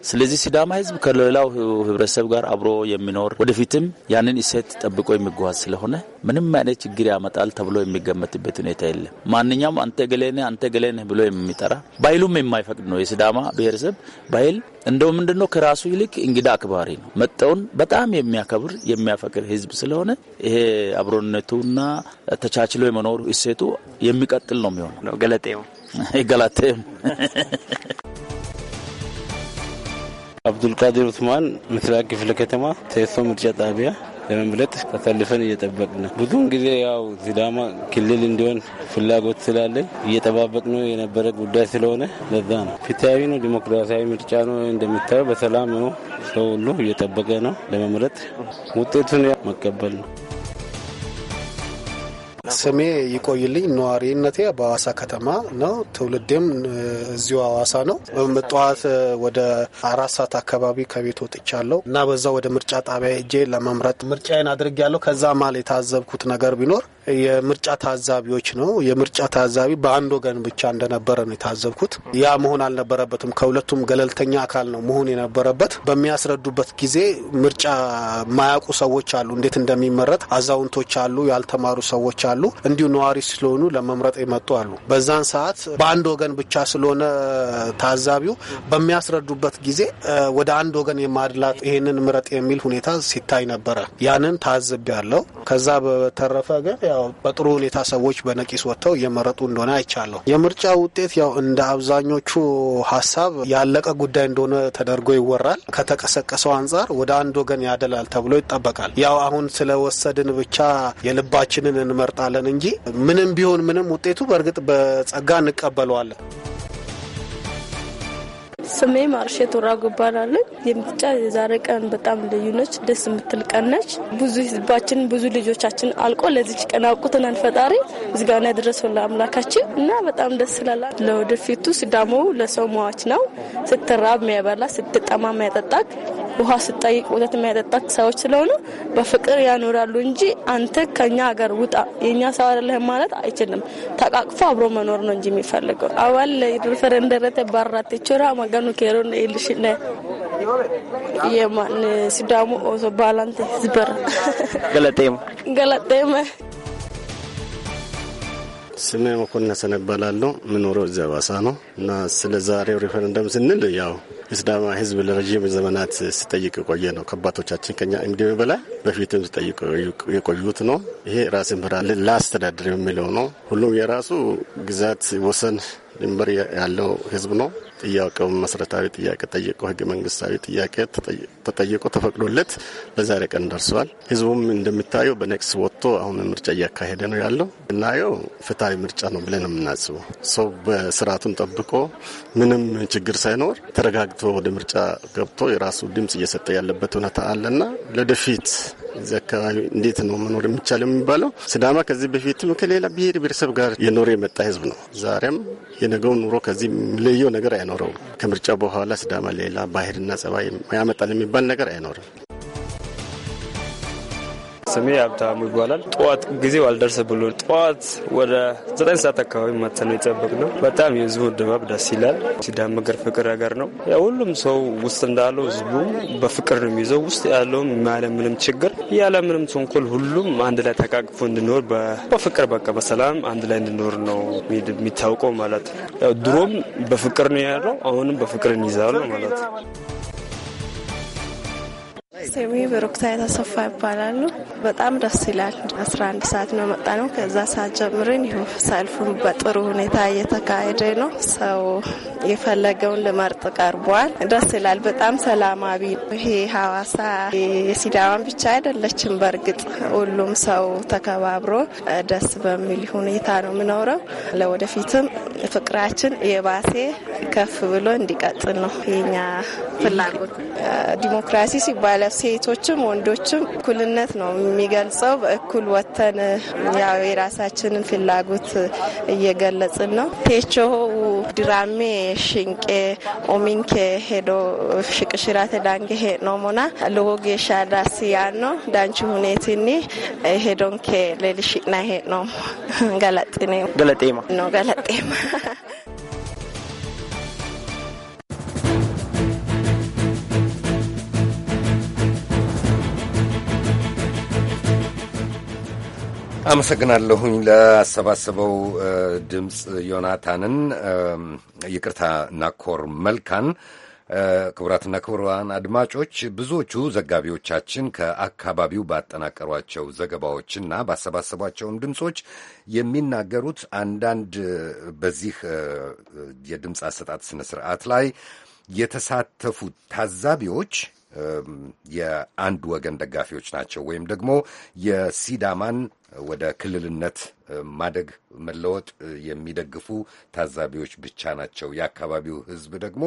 ስለዚህ ሲዳማ ህዝብ ከሌላው ህብረተሰብ ጋር አብሮ የሚኖር ወደፊትም ያንን እሴት ጠብቆ የሚጓዝ ስለሆነ ምንም አይነት ችግር ያመጣል ተብሎ የሚገመትበት ሁኔታ የለም። ማንኛውም አንተ ገሌነ አንተ ገሌነ ብሎ የሚጠራ ባህሉም የማይፈቅድ ነው። የሲዳማ ብሔረሰብ ባይል እንደው ምንድነው ከራሱ ይልቅ እንግዳ አክባሪ ነው። መጠውን በጣም የሚያከብር የሚያፈቅር ህዝብ ስለሆነ ይሄ አብሮነቱና ተቻችሎ የመኖሩ እሴቱ የሚቀጥል ነው የሚሆነው ገለጤ ገላቴም አብዱልቃዲር ኡስማን ምስራቅ ክፍለ ከተማ ሴሶ ምርጫ ጣቢያ ለመምረጥ ተሰልፈን እየጠበቅ ነው። ብዙውን ጊዜ ያው ሲዳማ ክልል እንዲሆን ፍላጎት ስላለ እየጠባበቅ ነው የነበረ ጉዳይ ስለሆነ ለዛ ነው። ፍትሐዊ ነው፣ ዲሞክራሲያዊ ምርጫ ነው። እንደሚታየው በሰላም ነው። ሰው ሁሉ እየጠበቀ ነው ለመምረጥ ውጤቱን መቀበል ነው። ስሜ ይቆይልኝ። ነዋሪነቴ በአዋሳ ከተማ ነው። ትውልዴም እዚሁ አዋሳ ነው። ጠዋት ወደ አራት ሰዓት አካባቢ ከቤት ወጥቻለሁ እና በዛ ወደ ምርጫ ጣቢያ እጄ ለመምረጥ ምርጫዬን አድርጌያለሁ። ከዛ ማል የታዘብኩት ነገር ቢኖር የምርጫ ታዛቢዎች ነው። የምርጫ ታዛቢ በአንድ ወገን ብቻ እንደነበረ ነው የታዘብኩት። ያ መሆን አልነበረበትም። ከሁለቱም ገለልተኛ አካል ነው መሆን የነበረበት። በሚያስረዱበት ጊዜ ምርጫ ማያውቁ ሰዎች አሉ፣ እንዴት እንደሚመረጥ አዛውንቶች አሉ፣ ያልተማሩ ሰዎች አሉ፣ እንዲሁ ነዋሪ ስለሆኑ ለመምረጥ የመጡ አሉ። በዛን ሰዓት በአንድ ወገን ብቻ ስለሆነ ታዛቢው በሚያስረዱበት ጊዜ ወደ አንድ ወገን የማድላት ይህንን ምረጥ የሚል ሁኔታ ሲታይ ነበረ። ያንን ታዝቤያለሁ። ከዛ በተረፈ ግን በጥሩ ሁኔታ ሰዎች በነቂስ ወጥተው እየመረጡ እንደሆነ አይቻለሁ። የምርጫ ውጤት ያው እንደ አብዛኞቹ ሀሳብ ያለቀ ጉዳይ እንደሆነ ተደርጎ ይወራል። ከተቀሰቀሰው አንጻር ወደ አንድ ወገን ያደላል ተብሎ ይጠበቃል። ያው አሁን ስለወሰድን ብቻ የልባችንን እንመርጣለን እንጂ ምንም ቢሆን ምንም ውጤቱ በእርግጥ በጸጋ እንቀበለዋለን። ስሜ ማርሼ ቶራ ጎባላለሁ። የምትጫ የዛሬ ቀን በጣም ልዩ ነች፣ ደስ የምትል ቀን ነች። ብዙ ህዝባችን ብዙ ልጆቻችን አልቆ ለዚች ቀን አውቁትናል። ፈጣሪ ምስጋና ያደረሰው ለአምላካችን እና በጣም ደስ ስላላ ለወደፊቱ ስዳሞ ለሰው መዋች ነው። ስትራብ የሚያበላ ስትጠማ የሚያጠጣቅ ውሃ ስጠይቅ ወተት የሚያጠጣቅ ሰዎች ስለሆኑ በፍቅር ያኖራሉ እንጂ አንተ ከኛ ሀገር ውጣ የእኛ ሰው አይደለህ ማለት አይችልም። ተቃቅፎ አብሮ መኖር ነው እንጂ የሚፈልገው አባል ሪፈረንደረተ እንደረተ ቾራ ነው ከሮ ኑኬሮን ነ የማን ሲዳሙ ኦሶ ባላንቴ ዝበራ ገለጤም ገለጤም ስሜ መኮንን ሰነ እባላለሁ። የምኖረው እዚያ ባሳ ነው እና ስለ ዛሬው ሪፈረንደም ስንል ያው የሲዳማ ሕዝብ ለረዥም ዘመናት ሲጠይቅ የቆየ ነው። ከአባቶቻችን ከኛ እንዲህ በላይ በፊትም ሲጠይቅ የቆዩት ነው። ይሄ ራስን በራ ላስተዳድር የሚለው ነው። ሁሉም የራሱ ግዛት ወሰን ድንበር ያለው ሕዝብ ነው። ጥያቄውን መሰረታዊ ጥያቄ ጠይቆ ህገ መንግስታዊ ጥያቄ ተጠይቆ ተፈቅዶለት በዛሬ ቀን ደርሰዋል። ህዝቡም እንደሚታየው በነቅስ ወጥቶ አሁን ምርጫ እያካሄደ ነው ያለው። እናየው ፍትሐዊ ምርጫ ነው ብለን የምናስበው ሰው በስርዓቱን ጠብቆ ምንም ችግር ሳይኖር ተረጋግቶ ወደ ምርጫ ገብቶ የራሱ ድምፅ እየሰጠ ያለበት ሁኔታ አለና ለወደፊት እዚህ አካባቢ እንዴት ነው መኖር የሚቻል የሚባለው ስዳማ ከዚህ በፊትም ከሌላ ብሔር ብሄረሰብ ጋር የኖረ የመጣ ህዝብ ነው። ዛሬም የነገው ኑሮ ከዚህ የሚለየው ነገር አይኖ አይኖረውም። ከምርጫው በኋላ ሲዳማ ሌላ ባህርና ጸባይ ያመጣል የሚባል ነገር አይኖርም። ስሜ ሀብታሙ ይባላል። ጠዋት ጊዜው አልደርስ ብሎ ጠዋት ወደ ዘጠኝ ሰዓት አካባቢ መተን ነው የጠበቅነው። በጣም የህዝቡ ድባብ ደስ ይላል። ሲዳም ሀገር ፍቅር ሀገር ነው። ሁሉም ሰው ውስጥ እንዳለው ህዝቡ በፍቅር ነው የሚይዘው ውስጥ ያለውም ያለምንም ችግር ያለምንም ተንኮል ሁሉም አንድ ላይ ተቃቅፎ እንድኖር በፍቅር በቃ በሰላም አንድ ላይ እንድኖር ነው የሚታወቀው ማለት ነው። ድሮም በፍቅር ነው ያለው፣ አሁንም በፍቅር እንይዛሉ ማለት ነው። ስሜ ብሩክታይት አሰፋ ይባላሉ። በጣም ደስ ይላል። 11 ሰዓት ነው መጣ ነው። ከዛ ሰዓት ጀምረን ይሁ ሰልፉን በጥሩ ሁኔታ እየተካሄደ ነው። ሰው የፈለገውን ልመርጥ ቀርቧል። ደስ ይላል። በጣም ሰላማዊ ነው። ይሄ ሀዋሳ የሲዳማን ብቻ አይደለችም። በእርግጥ ሁሉም ሰው ተከባብሮ ደስ በሚል ሁኔታ ነው የምኖረው። ለወደፊትም ፍቅራችን የባሴ ከፍ ብሎ እንዲቀጥል ነው የኛ ፍላጎት። ዲሞክራሲ ሲባለ ሴቶችም ወንዶችም እኩልነት ነው የሚገልጸው። በእኩል ወተን ያው የራሳችንን ፍላጎት እየገለጽን ነው። ቴቾ ድራሜ ሽንቄ ኦሚንኬ ሄዶ ሽቅሽራ ተዳንጌ ሽቅሽራተ ዳንጌ ሄኖሞና ልወጌሻ ዳስ ያኖ ዳንቺ ሁኔትኒ ሄዶንኬ ሌልሽቅና ሄ ሌልሽና ሄኖም ገለጤማ ነው ገለጤማ አመሰግናለሁኝ ለአሰባሰበው ድምፅ ዮናታንን፣ ይቅርታ ናኮር መልካን። ክቡራትና ክቡራን አድማጮች ብዙዎቹ ዘጋቢዎቻችን ከአካባቢው ባጠናቀሯቸው ዘገባዎችና ባሰባሰቧቸውም ድምፆች የሚናገሩት አንዳንድ በዚህ የድምፅ አሰጣጥ ስነ ስርዓት ላይ የተሳተፉ ታዛቢዎች የአንድ ወገን ደጋፊዎች ናቸው ወይም ደግሞ የሲዳማን ወደ ክልልነት ማደግ መለወጥ የሚደግፉ ታዛቢዎች ብቻ ናቸው። የአካባቢው ሕዝብ ደግሞ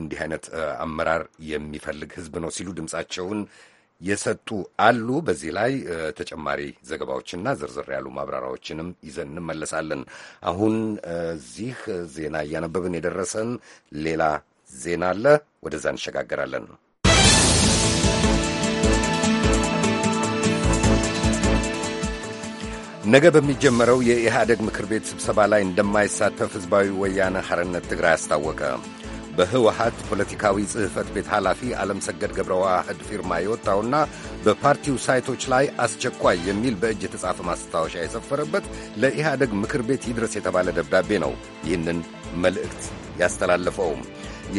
እንዲህ አይነት አመራር የሚፈልግ ሕዝብ ነው ሲሉ ድምፃቸውን የሰጡ አሉ። በዚህ ላይ ተጨማሪ ዘገባዎችና ዝርዝር ያሉ ማብራሪያዎችንም ይዘን እንመለሳለን። አሁን እዚህ ዜና እያነበብን የደረሰን ሌላ ዜና አለ። ወደዛ እንሸጋገራለን። ነገ በሚጀመረው የኢህአደግ ምክር ቤት ስብሰባ ላይ እንደማይሳተፍ ሕዝባዊ ወያነ ሐርነት ትግራይ አስታወቀ። በህወሀት ፖለቲካዊ ጽሕፈት ቤት ኃላፊ ዓለም ሰገድ ገብረ ዋህድ ፊርማ የወጣውና በፓርቲው ሳይቶች ላይ አስቸኳይ የሚል በእጅ የተጻፈ ማስታወሻ የሰፈረበት ለኢህአደግ ምክር ቤት ይድረስ የተባለ ደብዳቤ ነው። ይህንን መልእክት ያስተላለፈው።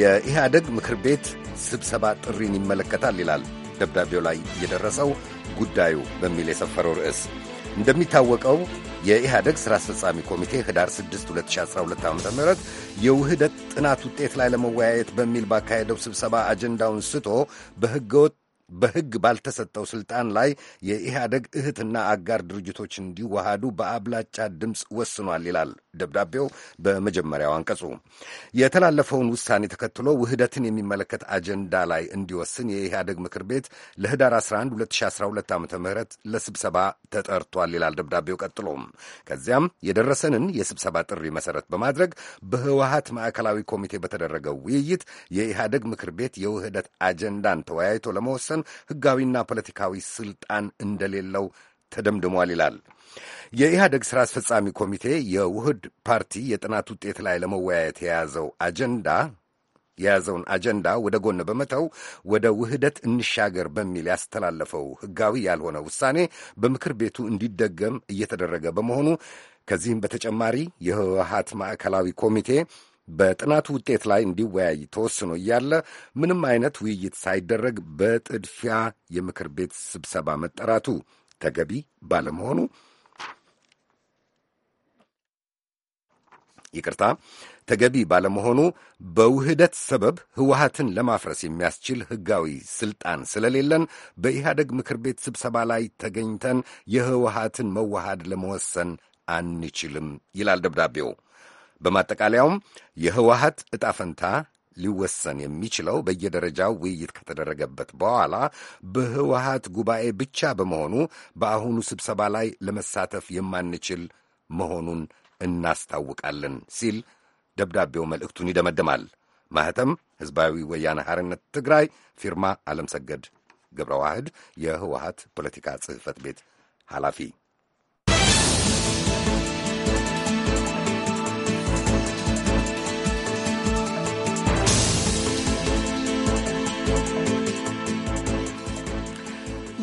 የኢህአደግ ምክር ቤት ስብሰባ ጥሪን ይመለከታል ይላል ደብዳቤው ላይ የደረሰው ጉዳዩ በሚል የሰፈረው ርዕስ እንደሚታወቀው የኢህአደግ ሥራ አስፈጻሚ ኮሚቴ ህዳር 6 2012 ዓ ም የውህደት ጥናት ውጤት ላይ ለመወያየት በሚል ባካሄደው ስብሰባ አጀንዳውን ስቶ በሕገወጥ በሕግ ባልተሰጠው ስልጣን ላይ የኢህአደግ እህትና አጋር ድርጅቶች እንዲዋሃዱ በአብላጫ ድምፅ ወስኗል ይላል ደብዳቤው በመጀመሪያው አንቀጹ። የተላለፈውን ውሳኔ ተከትሎ ውህደትን የሚመለከት አጀንዳ ላይ እንዲወስን የኢህአደግ ምክር ቤት ለህዳር 11 2012 ዓ ም ለስብሰባ ተጠርቷል ይላል ደብዳቤው ቀጥሎ ከዚያም የደረሰንን የስብሰባ ጥሪ መሰረት በማድረግ በህወሀት ማዕከላዊ ኮሚቴ በተደረገው ውይይት የኢህአደግ ምክር ቤት የውህደት አጀንዳን ተወያይቶ ለመወሰን ጆንሰን ሕጋዊና ፖለቲካዊ ስልጣን እንደሌለው ተደምድሟል ይላል። የኢህአደግ ሥራ አስፈጻሚ ኮሚቴ የውህድ ፓርቲ የጥናት ውጤት ላይ ለመወያየት የያዘው አጀንዳ የያዘውን አጀንዳ ወደ ጎን በመተው ወደ ውህደት እንሻገር በሚል ያስተላለፈው ሕጋዊ ያልሆነ ውሳኔ በምክር ቤቱ እንዲደገም እየተደረገ በመሆኑ ከዚህም በተጨማሪ የህወሀት ማዕከላዊ ኮሚቴ በጥናቱ ውጤት ላይ እንዲወያይ ተወስኖ እያለ ምንም አይነት ውይይት ሳይደረግ በጥድፊያ የምክር ቤት ስብሰባ መጠራቱ ተገቢ ባለመሆኑ ይቅርታ፣ ተገቢ ባለመሆኑ በውህደት ሰበብ ህወሀትን ለማፍረስ የሚያስችል ህጋዊ ስልጣን ስለሌለን በኢህአደግ ምክር ቤት ስብሰባ ላይ ተገኝተን የህወሀትን መዋሃድ ለመወሰን አንችልም ይላል ደብዳቤው። በማጠቃለያውም የህወሀት ዕጣ ፈንታ ሊወሰን የሚችለው በየደረጃው ውይይት ከተደረገበት በኋላ በህወሀት ጉባኤ ብቻ በመሆኑ በአሁኑ ስብሰባ ላይ ለመሳተፍ የማንችል መሆኑን እናስታውቃለን ሲል ደብዳቤው መልእክቱን ይደመድማል። ማህተም ህዝባዊ ወያነ ሐርነት ትግራይ፣ ፊርማ አለምሰገድ ሰገድ ገብረ ዋህድ የህወሀት ፖለቲካ ጽህፈት ቤት ኃላፊ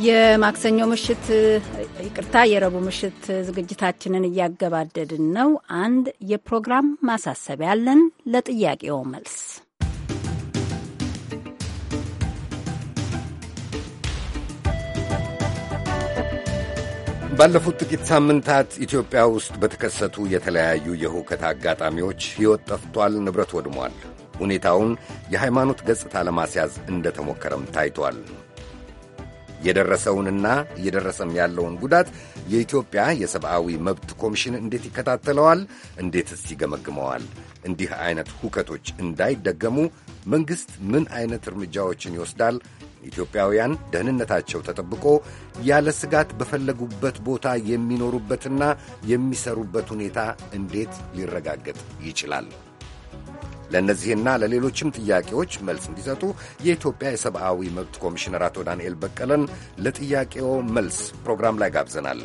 የማክሰኞ ምሽት ይቅርታ፣ የረቡ ምሽት ዝግጅታችንን እያገባደድን ነው። አንድ የፕሮግራም ማሳሰቢያ ያለን ለጥያቄው መልስ ባለፉት ጥቂት ሳምንታት ኢትዮጵያ ውስጥ በተከሰቱ የተለያዩ የሁከት አጋጣሚዎች ሕይወት ጠፍቷል፣ ንብረት ወድሟል። ሁኔታውን የሃይማኖት ገጽታ ለማስያዝ እንደተሞከረም ታይቷል። የደረሰውንና እየደረሰም ያለውን ጉዳት የኢትዮጵያ የሰብአዊ መብት ኮሚሽን እንዴት ይከታተለዋል? እንዴትስ ይገመግመዋል? እንዲህ አይነት ሁከቶች እንዳይደገሙ መንግሥት ምን አይነት እርምጃዎችን ይወስዳል? ኢትዮጵያውያን ደህንነታቸው ተጠብቆ ያለ ስጋት በፈለጉበት ቦታ የሚኖሩበትና የሚሰሩበት ሁኔታ እንዴት ሊረጋገጥ ይችላል? ለእነዚህና ለሌሎችም ጥያቄዎች መልስ እንዲሰጡ የኢትዮጵያ የሰብአዊ መብት ኮሚሽነር አቶ ዳንኤል በቀለን ለጥያቄው መልስ ፕሮግራም ላይ ጋብዘናል።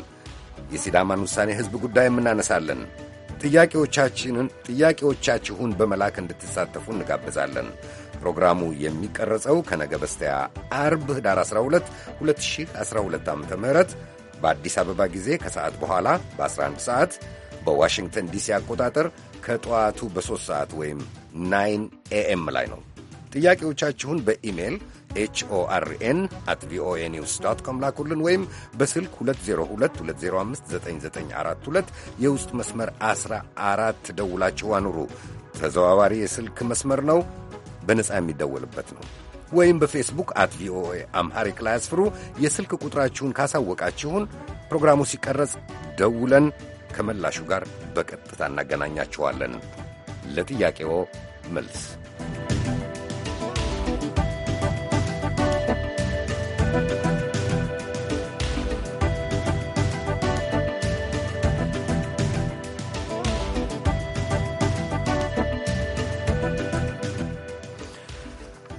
የሲዳማን ውሳኔ ሕዝብ ጉዳይም እናነሳለን። ጥያቄዎቻችንን ጥያቄዎቻችሁን በመላክ እንድትሳተፉ እንጋብዛለን። ፕሮግራሙ የሚቀረጸው ከነገ በስቲያ አርብ ህዳር 12 2012 ዓ ም በአዲስ አበባ ጊዜ ከሰዓት በኋላ በ11 ሰዓት በዋሽንግተን ዲሲ አቆጣጠር ከጠዋቱ በ3 ሰዓት ወይም ናይን ኤኤም ላይ ነው። ጥያቄዎቻችሁን በኢሜይል ኤችኦአርኤን አት ቪኦኤ ኒውስ ዶት ኮም ላኩልን ወይም በስልክ 2022059942 የውስጥ መስመር 14 ደውላችሁ አኑሩ። ተዘዋዋሪ የስልክ መስመር ነው፣ በነፃ የሚደወልበት ነው። ወይም በፌስቡክ አት ቪኦኤ አምሃሪክ ላይ አስፍሩ። የስልክ ቁጥራችሁን ካሳወቃችሁን ፕሮግራሙ ሲቀረጽ ደውለን ከመላሹ ጋር በቀጥታ እናገናኛችኋለን። ለጥያቄዎ መልስ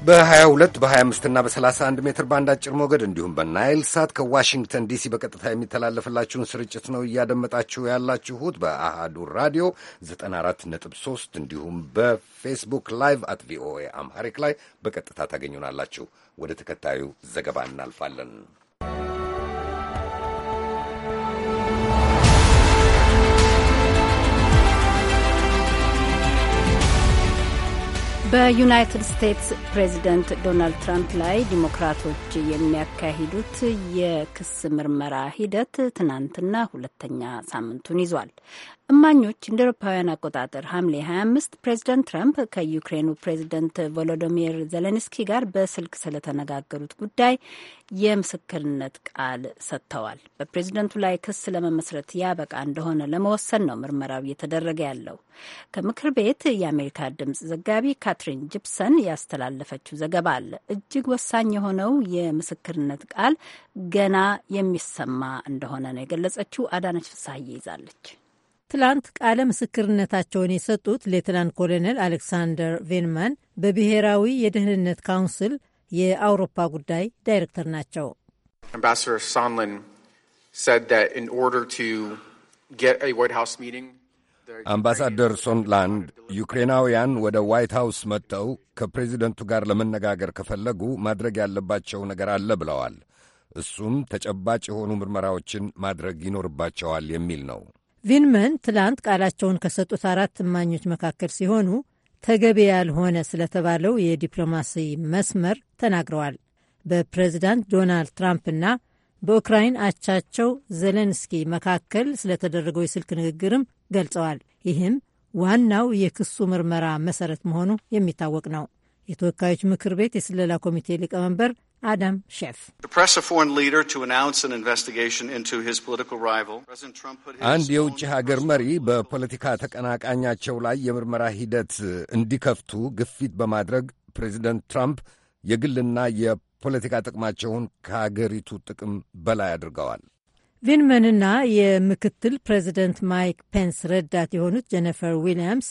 በ22 በ25 እና በ31 ሜትር ባንድ አጭር ሞገድ እንዲሁም በናይል ሳት ከዋሽንግተን ዲሲ በቀጥታ የሚተላለፍላችሁን ስርጭት ነው እያደመጣችሁ ያላችሁት። በአሃዱ ራዲዮ 94.3 እንዲሁም በፌስቡክ ላይቭ አት ቪኦኤ አምሃሪክ ላይ በቀጥታ ታገኙናላችሁ። ወደ ተከታዩ ዘገባ እናልፋለን። በዩናይትድ ስቴትስ ፕሬዚደንት ዶናልድ ትራምፕ ላይ ዲሞክራቶች የሚያካሂዱት የክስ ምርመራ ሂደት ትናንትና ሁለተኛ ሳምንቱን ይዟል። እማኞች እንደ አውሮፓውያን አቆጣጠር ሐምሌ 25 ፕሬዚደንት ትራምፕ ከዩክሬኑ ፕሬዚደንት ቮሎዶሚር ዘለንስኪ ጋር በስልክ ስለተነጋገሩት ጉዳይ የምስክርነት ቃል ሰጥተዋል። በፕሬዝደንቱ ላይ ክስ ለመመስረት ያበቃ እንደሆነ ለመወሰን ነው ምርመራው እየተደረገ ያለው። ከምክር ቤት የአሜሪካ ድምፅ ዘጋቢ ካትሪን ጂፕሰን ያስተላለፈችው ዘገባ አለ። እጅግ ወሳኝ የሆነው የምስክርነት ቃል ገና የሚሰማ እንደሆነ ነው የገለጸችው። አዳነች ፍሳሐዬ ይዛለች። ትላንት ቃለ ምስክርነታቸውን የሰጡት ሌትናንት ኮሎኔል አሌክሳንደር ቬንማን በብሔራዊ የደህንነት ካውንስል የአውሮፓ ጉዳይ ዳይሬክተር ናቸው። አምባሳደር ሶንሊን አምባሳደር ሶንላንድ ዩክሬናውያን ወደ ዋይት ሃውስ መጥተው ከፕሬዚደንቱ ጋር ለመነጋገር ከፈለጉ ማድረግ ያለባቸው ነገር አለ ብለዋል። እሱም ተጨባጭ የሆኑ ምርመራዎችን ማድረግ ይኖርባቸዋል የሚል ነው። ቪንመን ትላንት ቃላቸውን ከሰጡት አራት እማኞች መካከል ሲሆኑ ተገቢ ያልሆነ ስለተባለው የዲፕሎማሲ መስመር ተናግረዋል። በፕሬዚዳንት ዶናልድ ትራምፕና በኡክራይን አቻቸው ዘለንስኪ መካከል ስለተደረገው የስልክ ንግግርም ገልጸዋል። ይህም ዋናው የክሱ ምርመራ መሰረት መሆኑ የሚታወቅ ነው። የተወካዮች ምክር ቤት የስለላ ኮሚቴ ሊቀመንበር አዳም ሼፍ አንድ የውጭ ሀገር መሪ በፖለቲካ ተቀናቃኛቸው ላይ የምርመራ ሂደት እንዲከፍቱ ግፊት በማድረግ ፕሬዚደንት ትራምፕ የግልና የፖለቲካ ጥቅማቸውን ከሀገሪቱ ጥቅም በላይ አድርገዋል። ቪንመንና የምክትል ፕሬዚደንት ማይክ ፔንስ ረዳት የሆኑት ጀነፈር ዊሊያምስ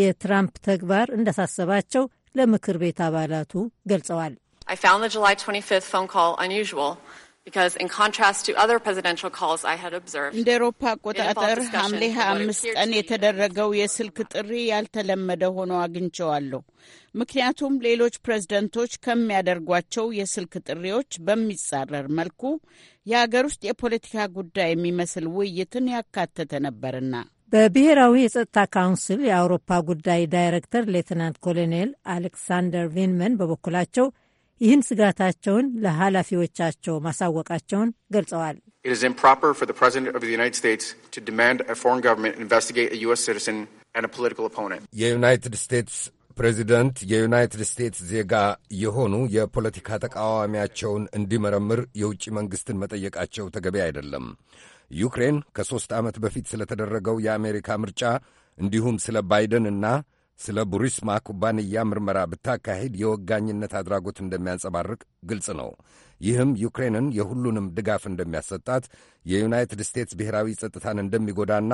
የትራምፕ ተግባር እንዳሳሰባቸው ለምክር ቤት አባላቱ ገልጸዋል። I found the July 25th phone call unusual because in contrast to other presidential calls I had observed. እንደ ኤሮፓ አቆጣጠር ሐምሌ 25 ቀን የተደረገው የስልክ ጥሪ ያልተለመደ ሆኖ አግኝቸዋለሁ። ምክንያቱም ሌሎች ፕሬዝደንቶች ከሚያደርጓቸው የስልክ ጥሪዎች በሚጻረር መልኩ የሀገር ውስጥ የፖለቲካ ጉዳይ የሚመስል ውይይትን ያካተተ ነበርና። በብሔራዊ የጸጥታ ካውንስል የአውሮፓ ጉዳይ ዳይሬክተር ሌትናንት ኮሎኔል አሌክሳንደር ቪንመን በበኩላቸው ይህን ስጋታቸውን ለኃላፊዎቻቸው ማሳወቃቸውን ገልጸዋል። የዩናይትድ ስቴትስ ፕሬዚደንት የዩናይትድ ስቴትስ ዜጋ የሆኑ የፖለቲካ ተቃዋሚያቸውን እንዲመረምር የውጭ መንግሥትን መጠየቃቸው ተገቢ አይደለም። ዩክሬን ከሦስት ዓመት በፊት ስለተደረገው የአሜሪካ ምርጫ እንዲሁም ስለ ባይደን እና ስለ ቡሪስማ ኩባንያ ምርመራ ብታካሄድ የወጋኝነት አድራጎት እንደሚያንጸባርቅ ግልጽ ነው። ይህም ዩክሬንን የሁሉንም ድጋፍ እንደሚያሰጣት፣ የዩናይትድ ስቴትስ ብሔራዊ ጸጥታን እንደሚጎዳና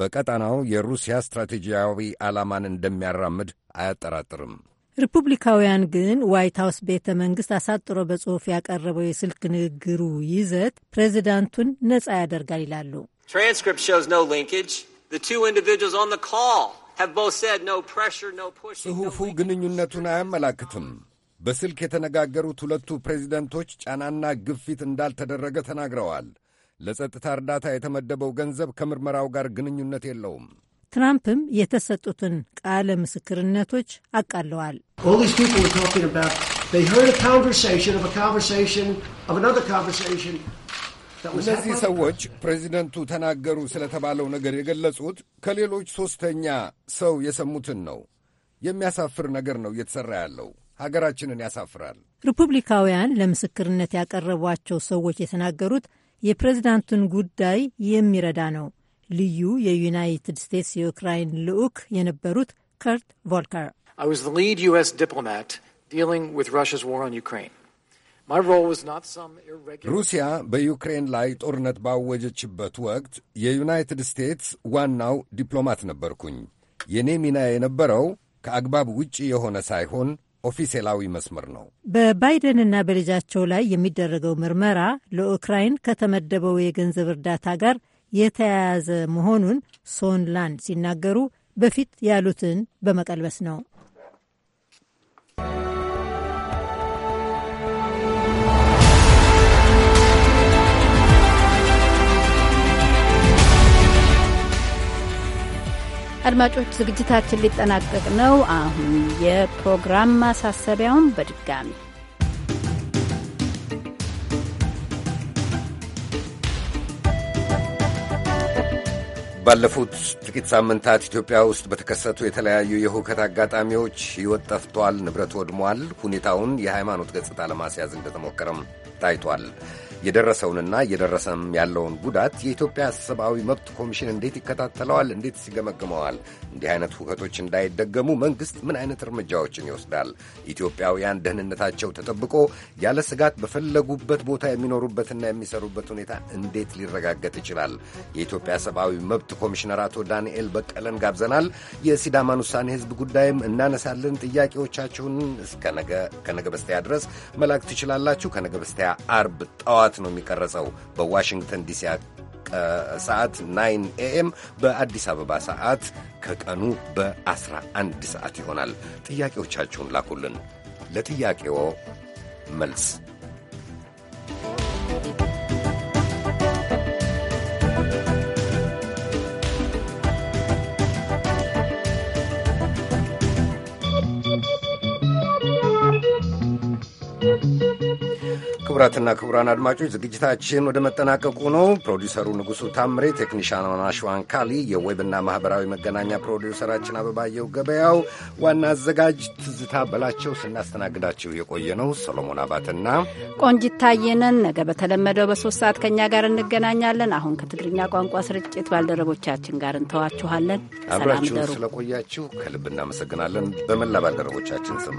በቀጣናው የሩሲያ ስትራቴጂያዊ ዓላማን እንደሚያራምድ አያጠራጥርም። ሪፑብሊካውያን ግን ዋይት ሀውስ ቤተ መንግስት አሳጥሮ በጽሑፍ ያቀረበው የስልክ ንግግሩ ይዘት ፕሬዚዳንቱን ነጻ ያደርጋል ይላሉ። ትራንስክሪፕት ሾውስ ኖ ሊንኬጅ ዘ ቱ ኢንዲቪጁዋልስ ኦን ዘ ኮል ጽሑፉ ግንኙነቱን አያመላክትም። በስልክ የተነጋገሩት ሁለቱ ፕሬዚደንቶች ጫናና ግፊት እንዳልተደረገ ተናግረዋል። ለጸጥታ እርዳታ የተመደበው ገንዘብ ከምርመራው ጋር ግንኙነት የለውም። ትራምፕም የተሰጡትን ቃለ ምስክርነቶች አቃለዋል። እነዚህ ሰዎች ፕሬዚደንቱ ተናገሩ ስለተባለው ነገር የገለጹት ከሌሎች ሦስተኛ ሰው የሰሙትን ነው። የሚያሳፍር ነገር ነው እየተሠራ ያለው። ሀገራችንን ያሳፍራል። ሪፑብሊካውያን ለምስክርነት ያቀረቧቸው ሰዎች የተናገሩት የፕሬዚዳንቱን ጉዳይ የሚረዳ ነው። ልዩ የዩናይትድ ስቴትስ የዩክራይን ልዑክ የነበሩት ከርት ቮልከር ዩስ ሩሲያ በዩክሬን ላይ ጦርነት ባወጀችበት ወቅት የዩናይትድ ስቴትስ ዋናው ዲፕሎማት ነበርኩኝ። የእኔ ሚና የነበረው ከአግባብ ውጪ የሆነ ሳይሆን ኦፊሴላዊ መስመር ነው። በባይደንና በልጃቸው ላይ የሚደረገው ምርመራ ለኡክራይን ከተመደበው የገንዘብ እርዳታ ጋር የተያያዘ መሆኑን ሶንላንድ ሲናገሩ በፊት ያሉትን በመቀልበስ ነው። አድማጮች ዝግጅታችን ሊጠናቀቅ ነው። አሁን የፕሮግራም ማሳሰቢያውን በድጋሚ ባለፉት ጥቂት ሳምንታት ኢትዮጵያ ውስጥ በተከሰቱ የተለያዩ የሁከት አጋጣሚዎች ሕይወት ጠፍቷል፣ ንብረት ወድሟል። ሁኔታውን የሃይማኖት ገጽታ ለማስያዝ እንደተሞከረም ታይቷል። የደረሰውንና እየደረሰም ያለውን ጉዳት የኢትዮጵያ ሰብአዊ መብት ኮሚሽን እንዴት ይከታተለዋል? እንዴት ይገመግመዋል? እንዲህ አይነት ሁከቶች እንዳይደገሙ መንግሥት ምን አይነት እርምጃዎችን ይወስዳል? ኢትዮጵያውያን ደህንነታቸው ተጠብቆ ያለ ስጋት በፈለጉበት ቦታ የሚኖሩበትና የሚሰሩበት ሁኔታ እንዴት ሊረጋገጥ ይችላል? የኢትዮጵያ ሰብአዊ መብት ኮሚሽነር አቶ ዳንኤል በቀለን ጋብዘናል። የሲዳማን ውሳኔ ህዝብ ጉዳይም እናነሳለን። ጥያቄዎቻችሁን እስከ ነገ ከነገ በስቲያ ድረስ መላክ ትችላላችሁ። ከነገ በስቲያ አርብ ጠዋት ሰዓት ነው የሚቀረጸው በዋሽንግተን ዲሲ ሰዓት 9 ኤኤም በአዲስ አበባ ሰዓት ከቀኑ በ11 ሰዓት ይሆናል። ጥያቄዎቻችሁን ላኩልን። ለጥያቄዎ መልስ ክቡራትና ክቡራን አድማጮች ዝግጅታችን ወደ መጠናቀቁ ነው። ፕሮዲውሰሩ ንጉሡ ታምሬ፣ ናሽዋን ካሊ፣ የዌብና ማኅበራዊ መገናኛ ፕሮዲውሰራችን አበባየው ገበያው፣ ዋና አዘጋጅ ትዝታ በላቸው፣ ስናስተናግዳችሁ የቆየ ነው ሰሎሞን አባትና ቆንጂት ታየ ነገ በተለመደው በሶስት ሰዓት ከእኛ ጋር እንገናኛለን። አሁን ከትግርኛ ቋንቋ ስርጭት ባልደረቦቻችን ጋር እንተዋችኋለን። አብራችሁ ስለቆያችሁ ከልብ እናመሰግናለን። በመላ ባልደረቦቻችን ስም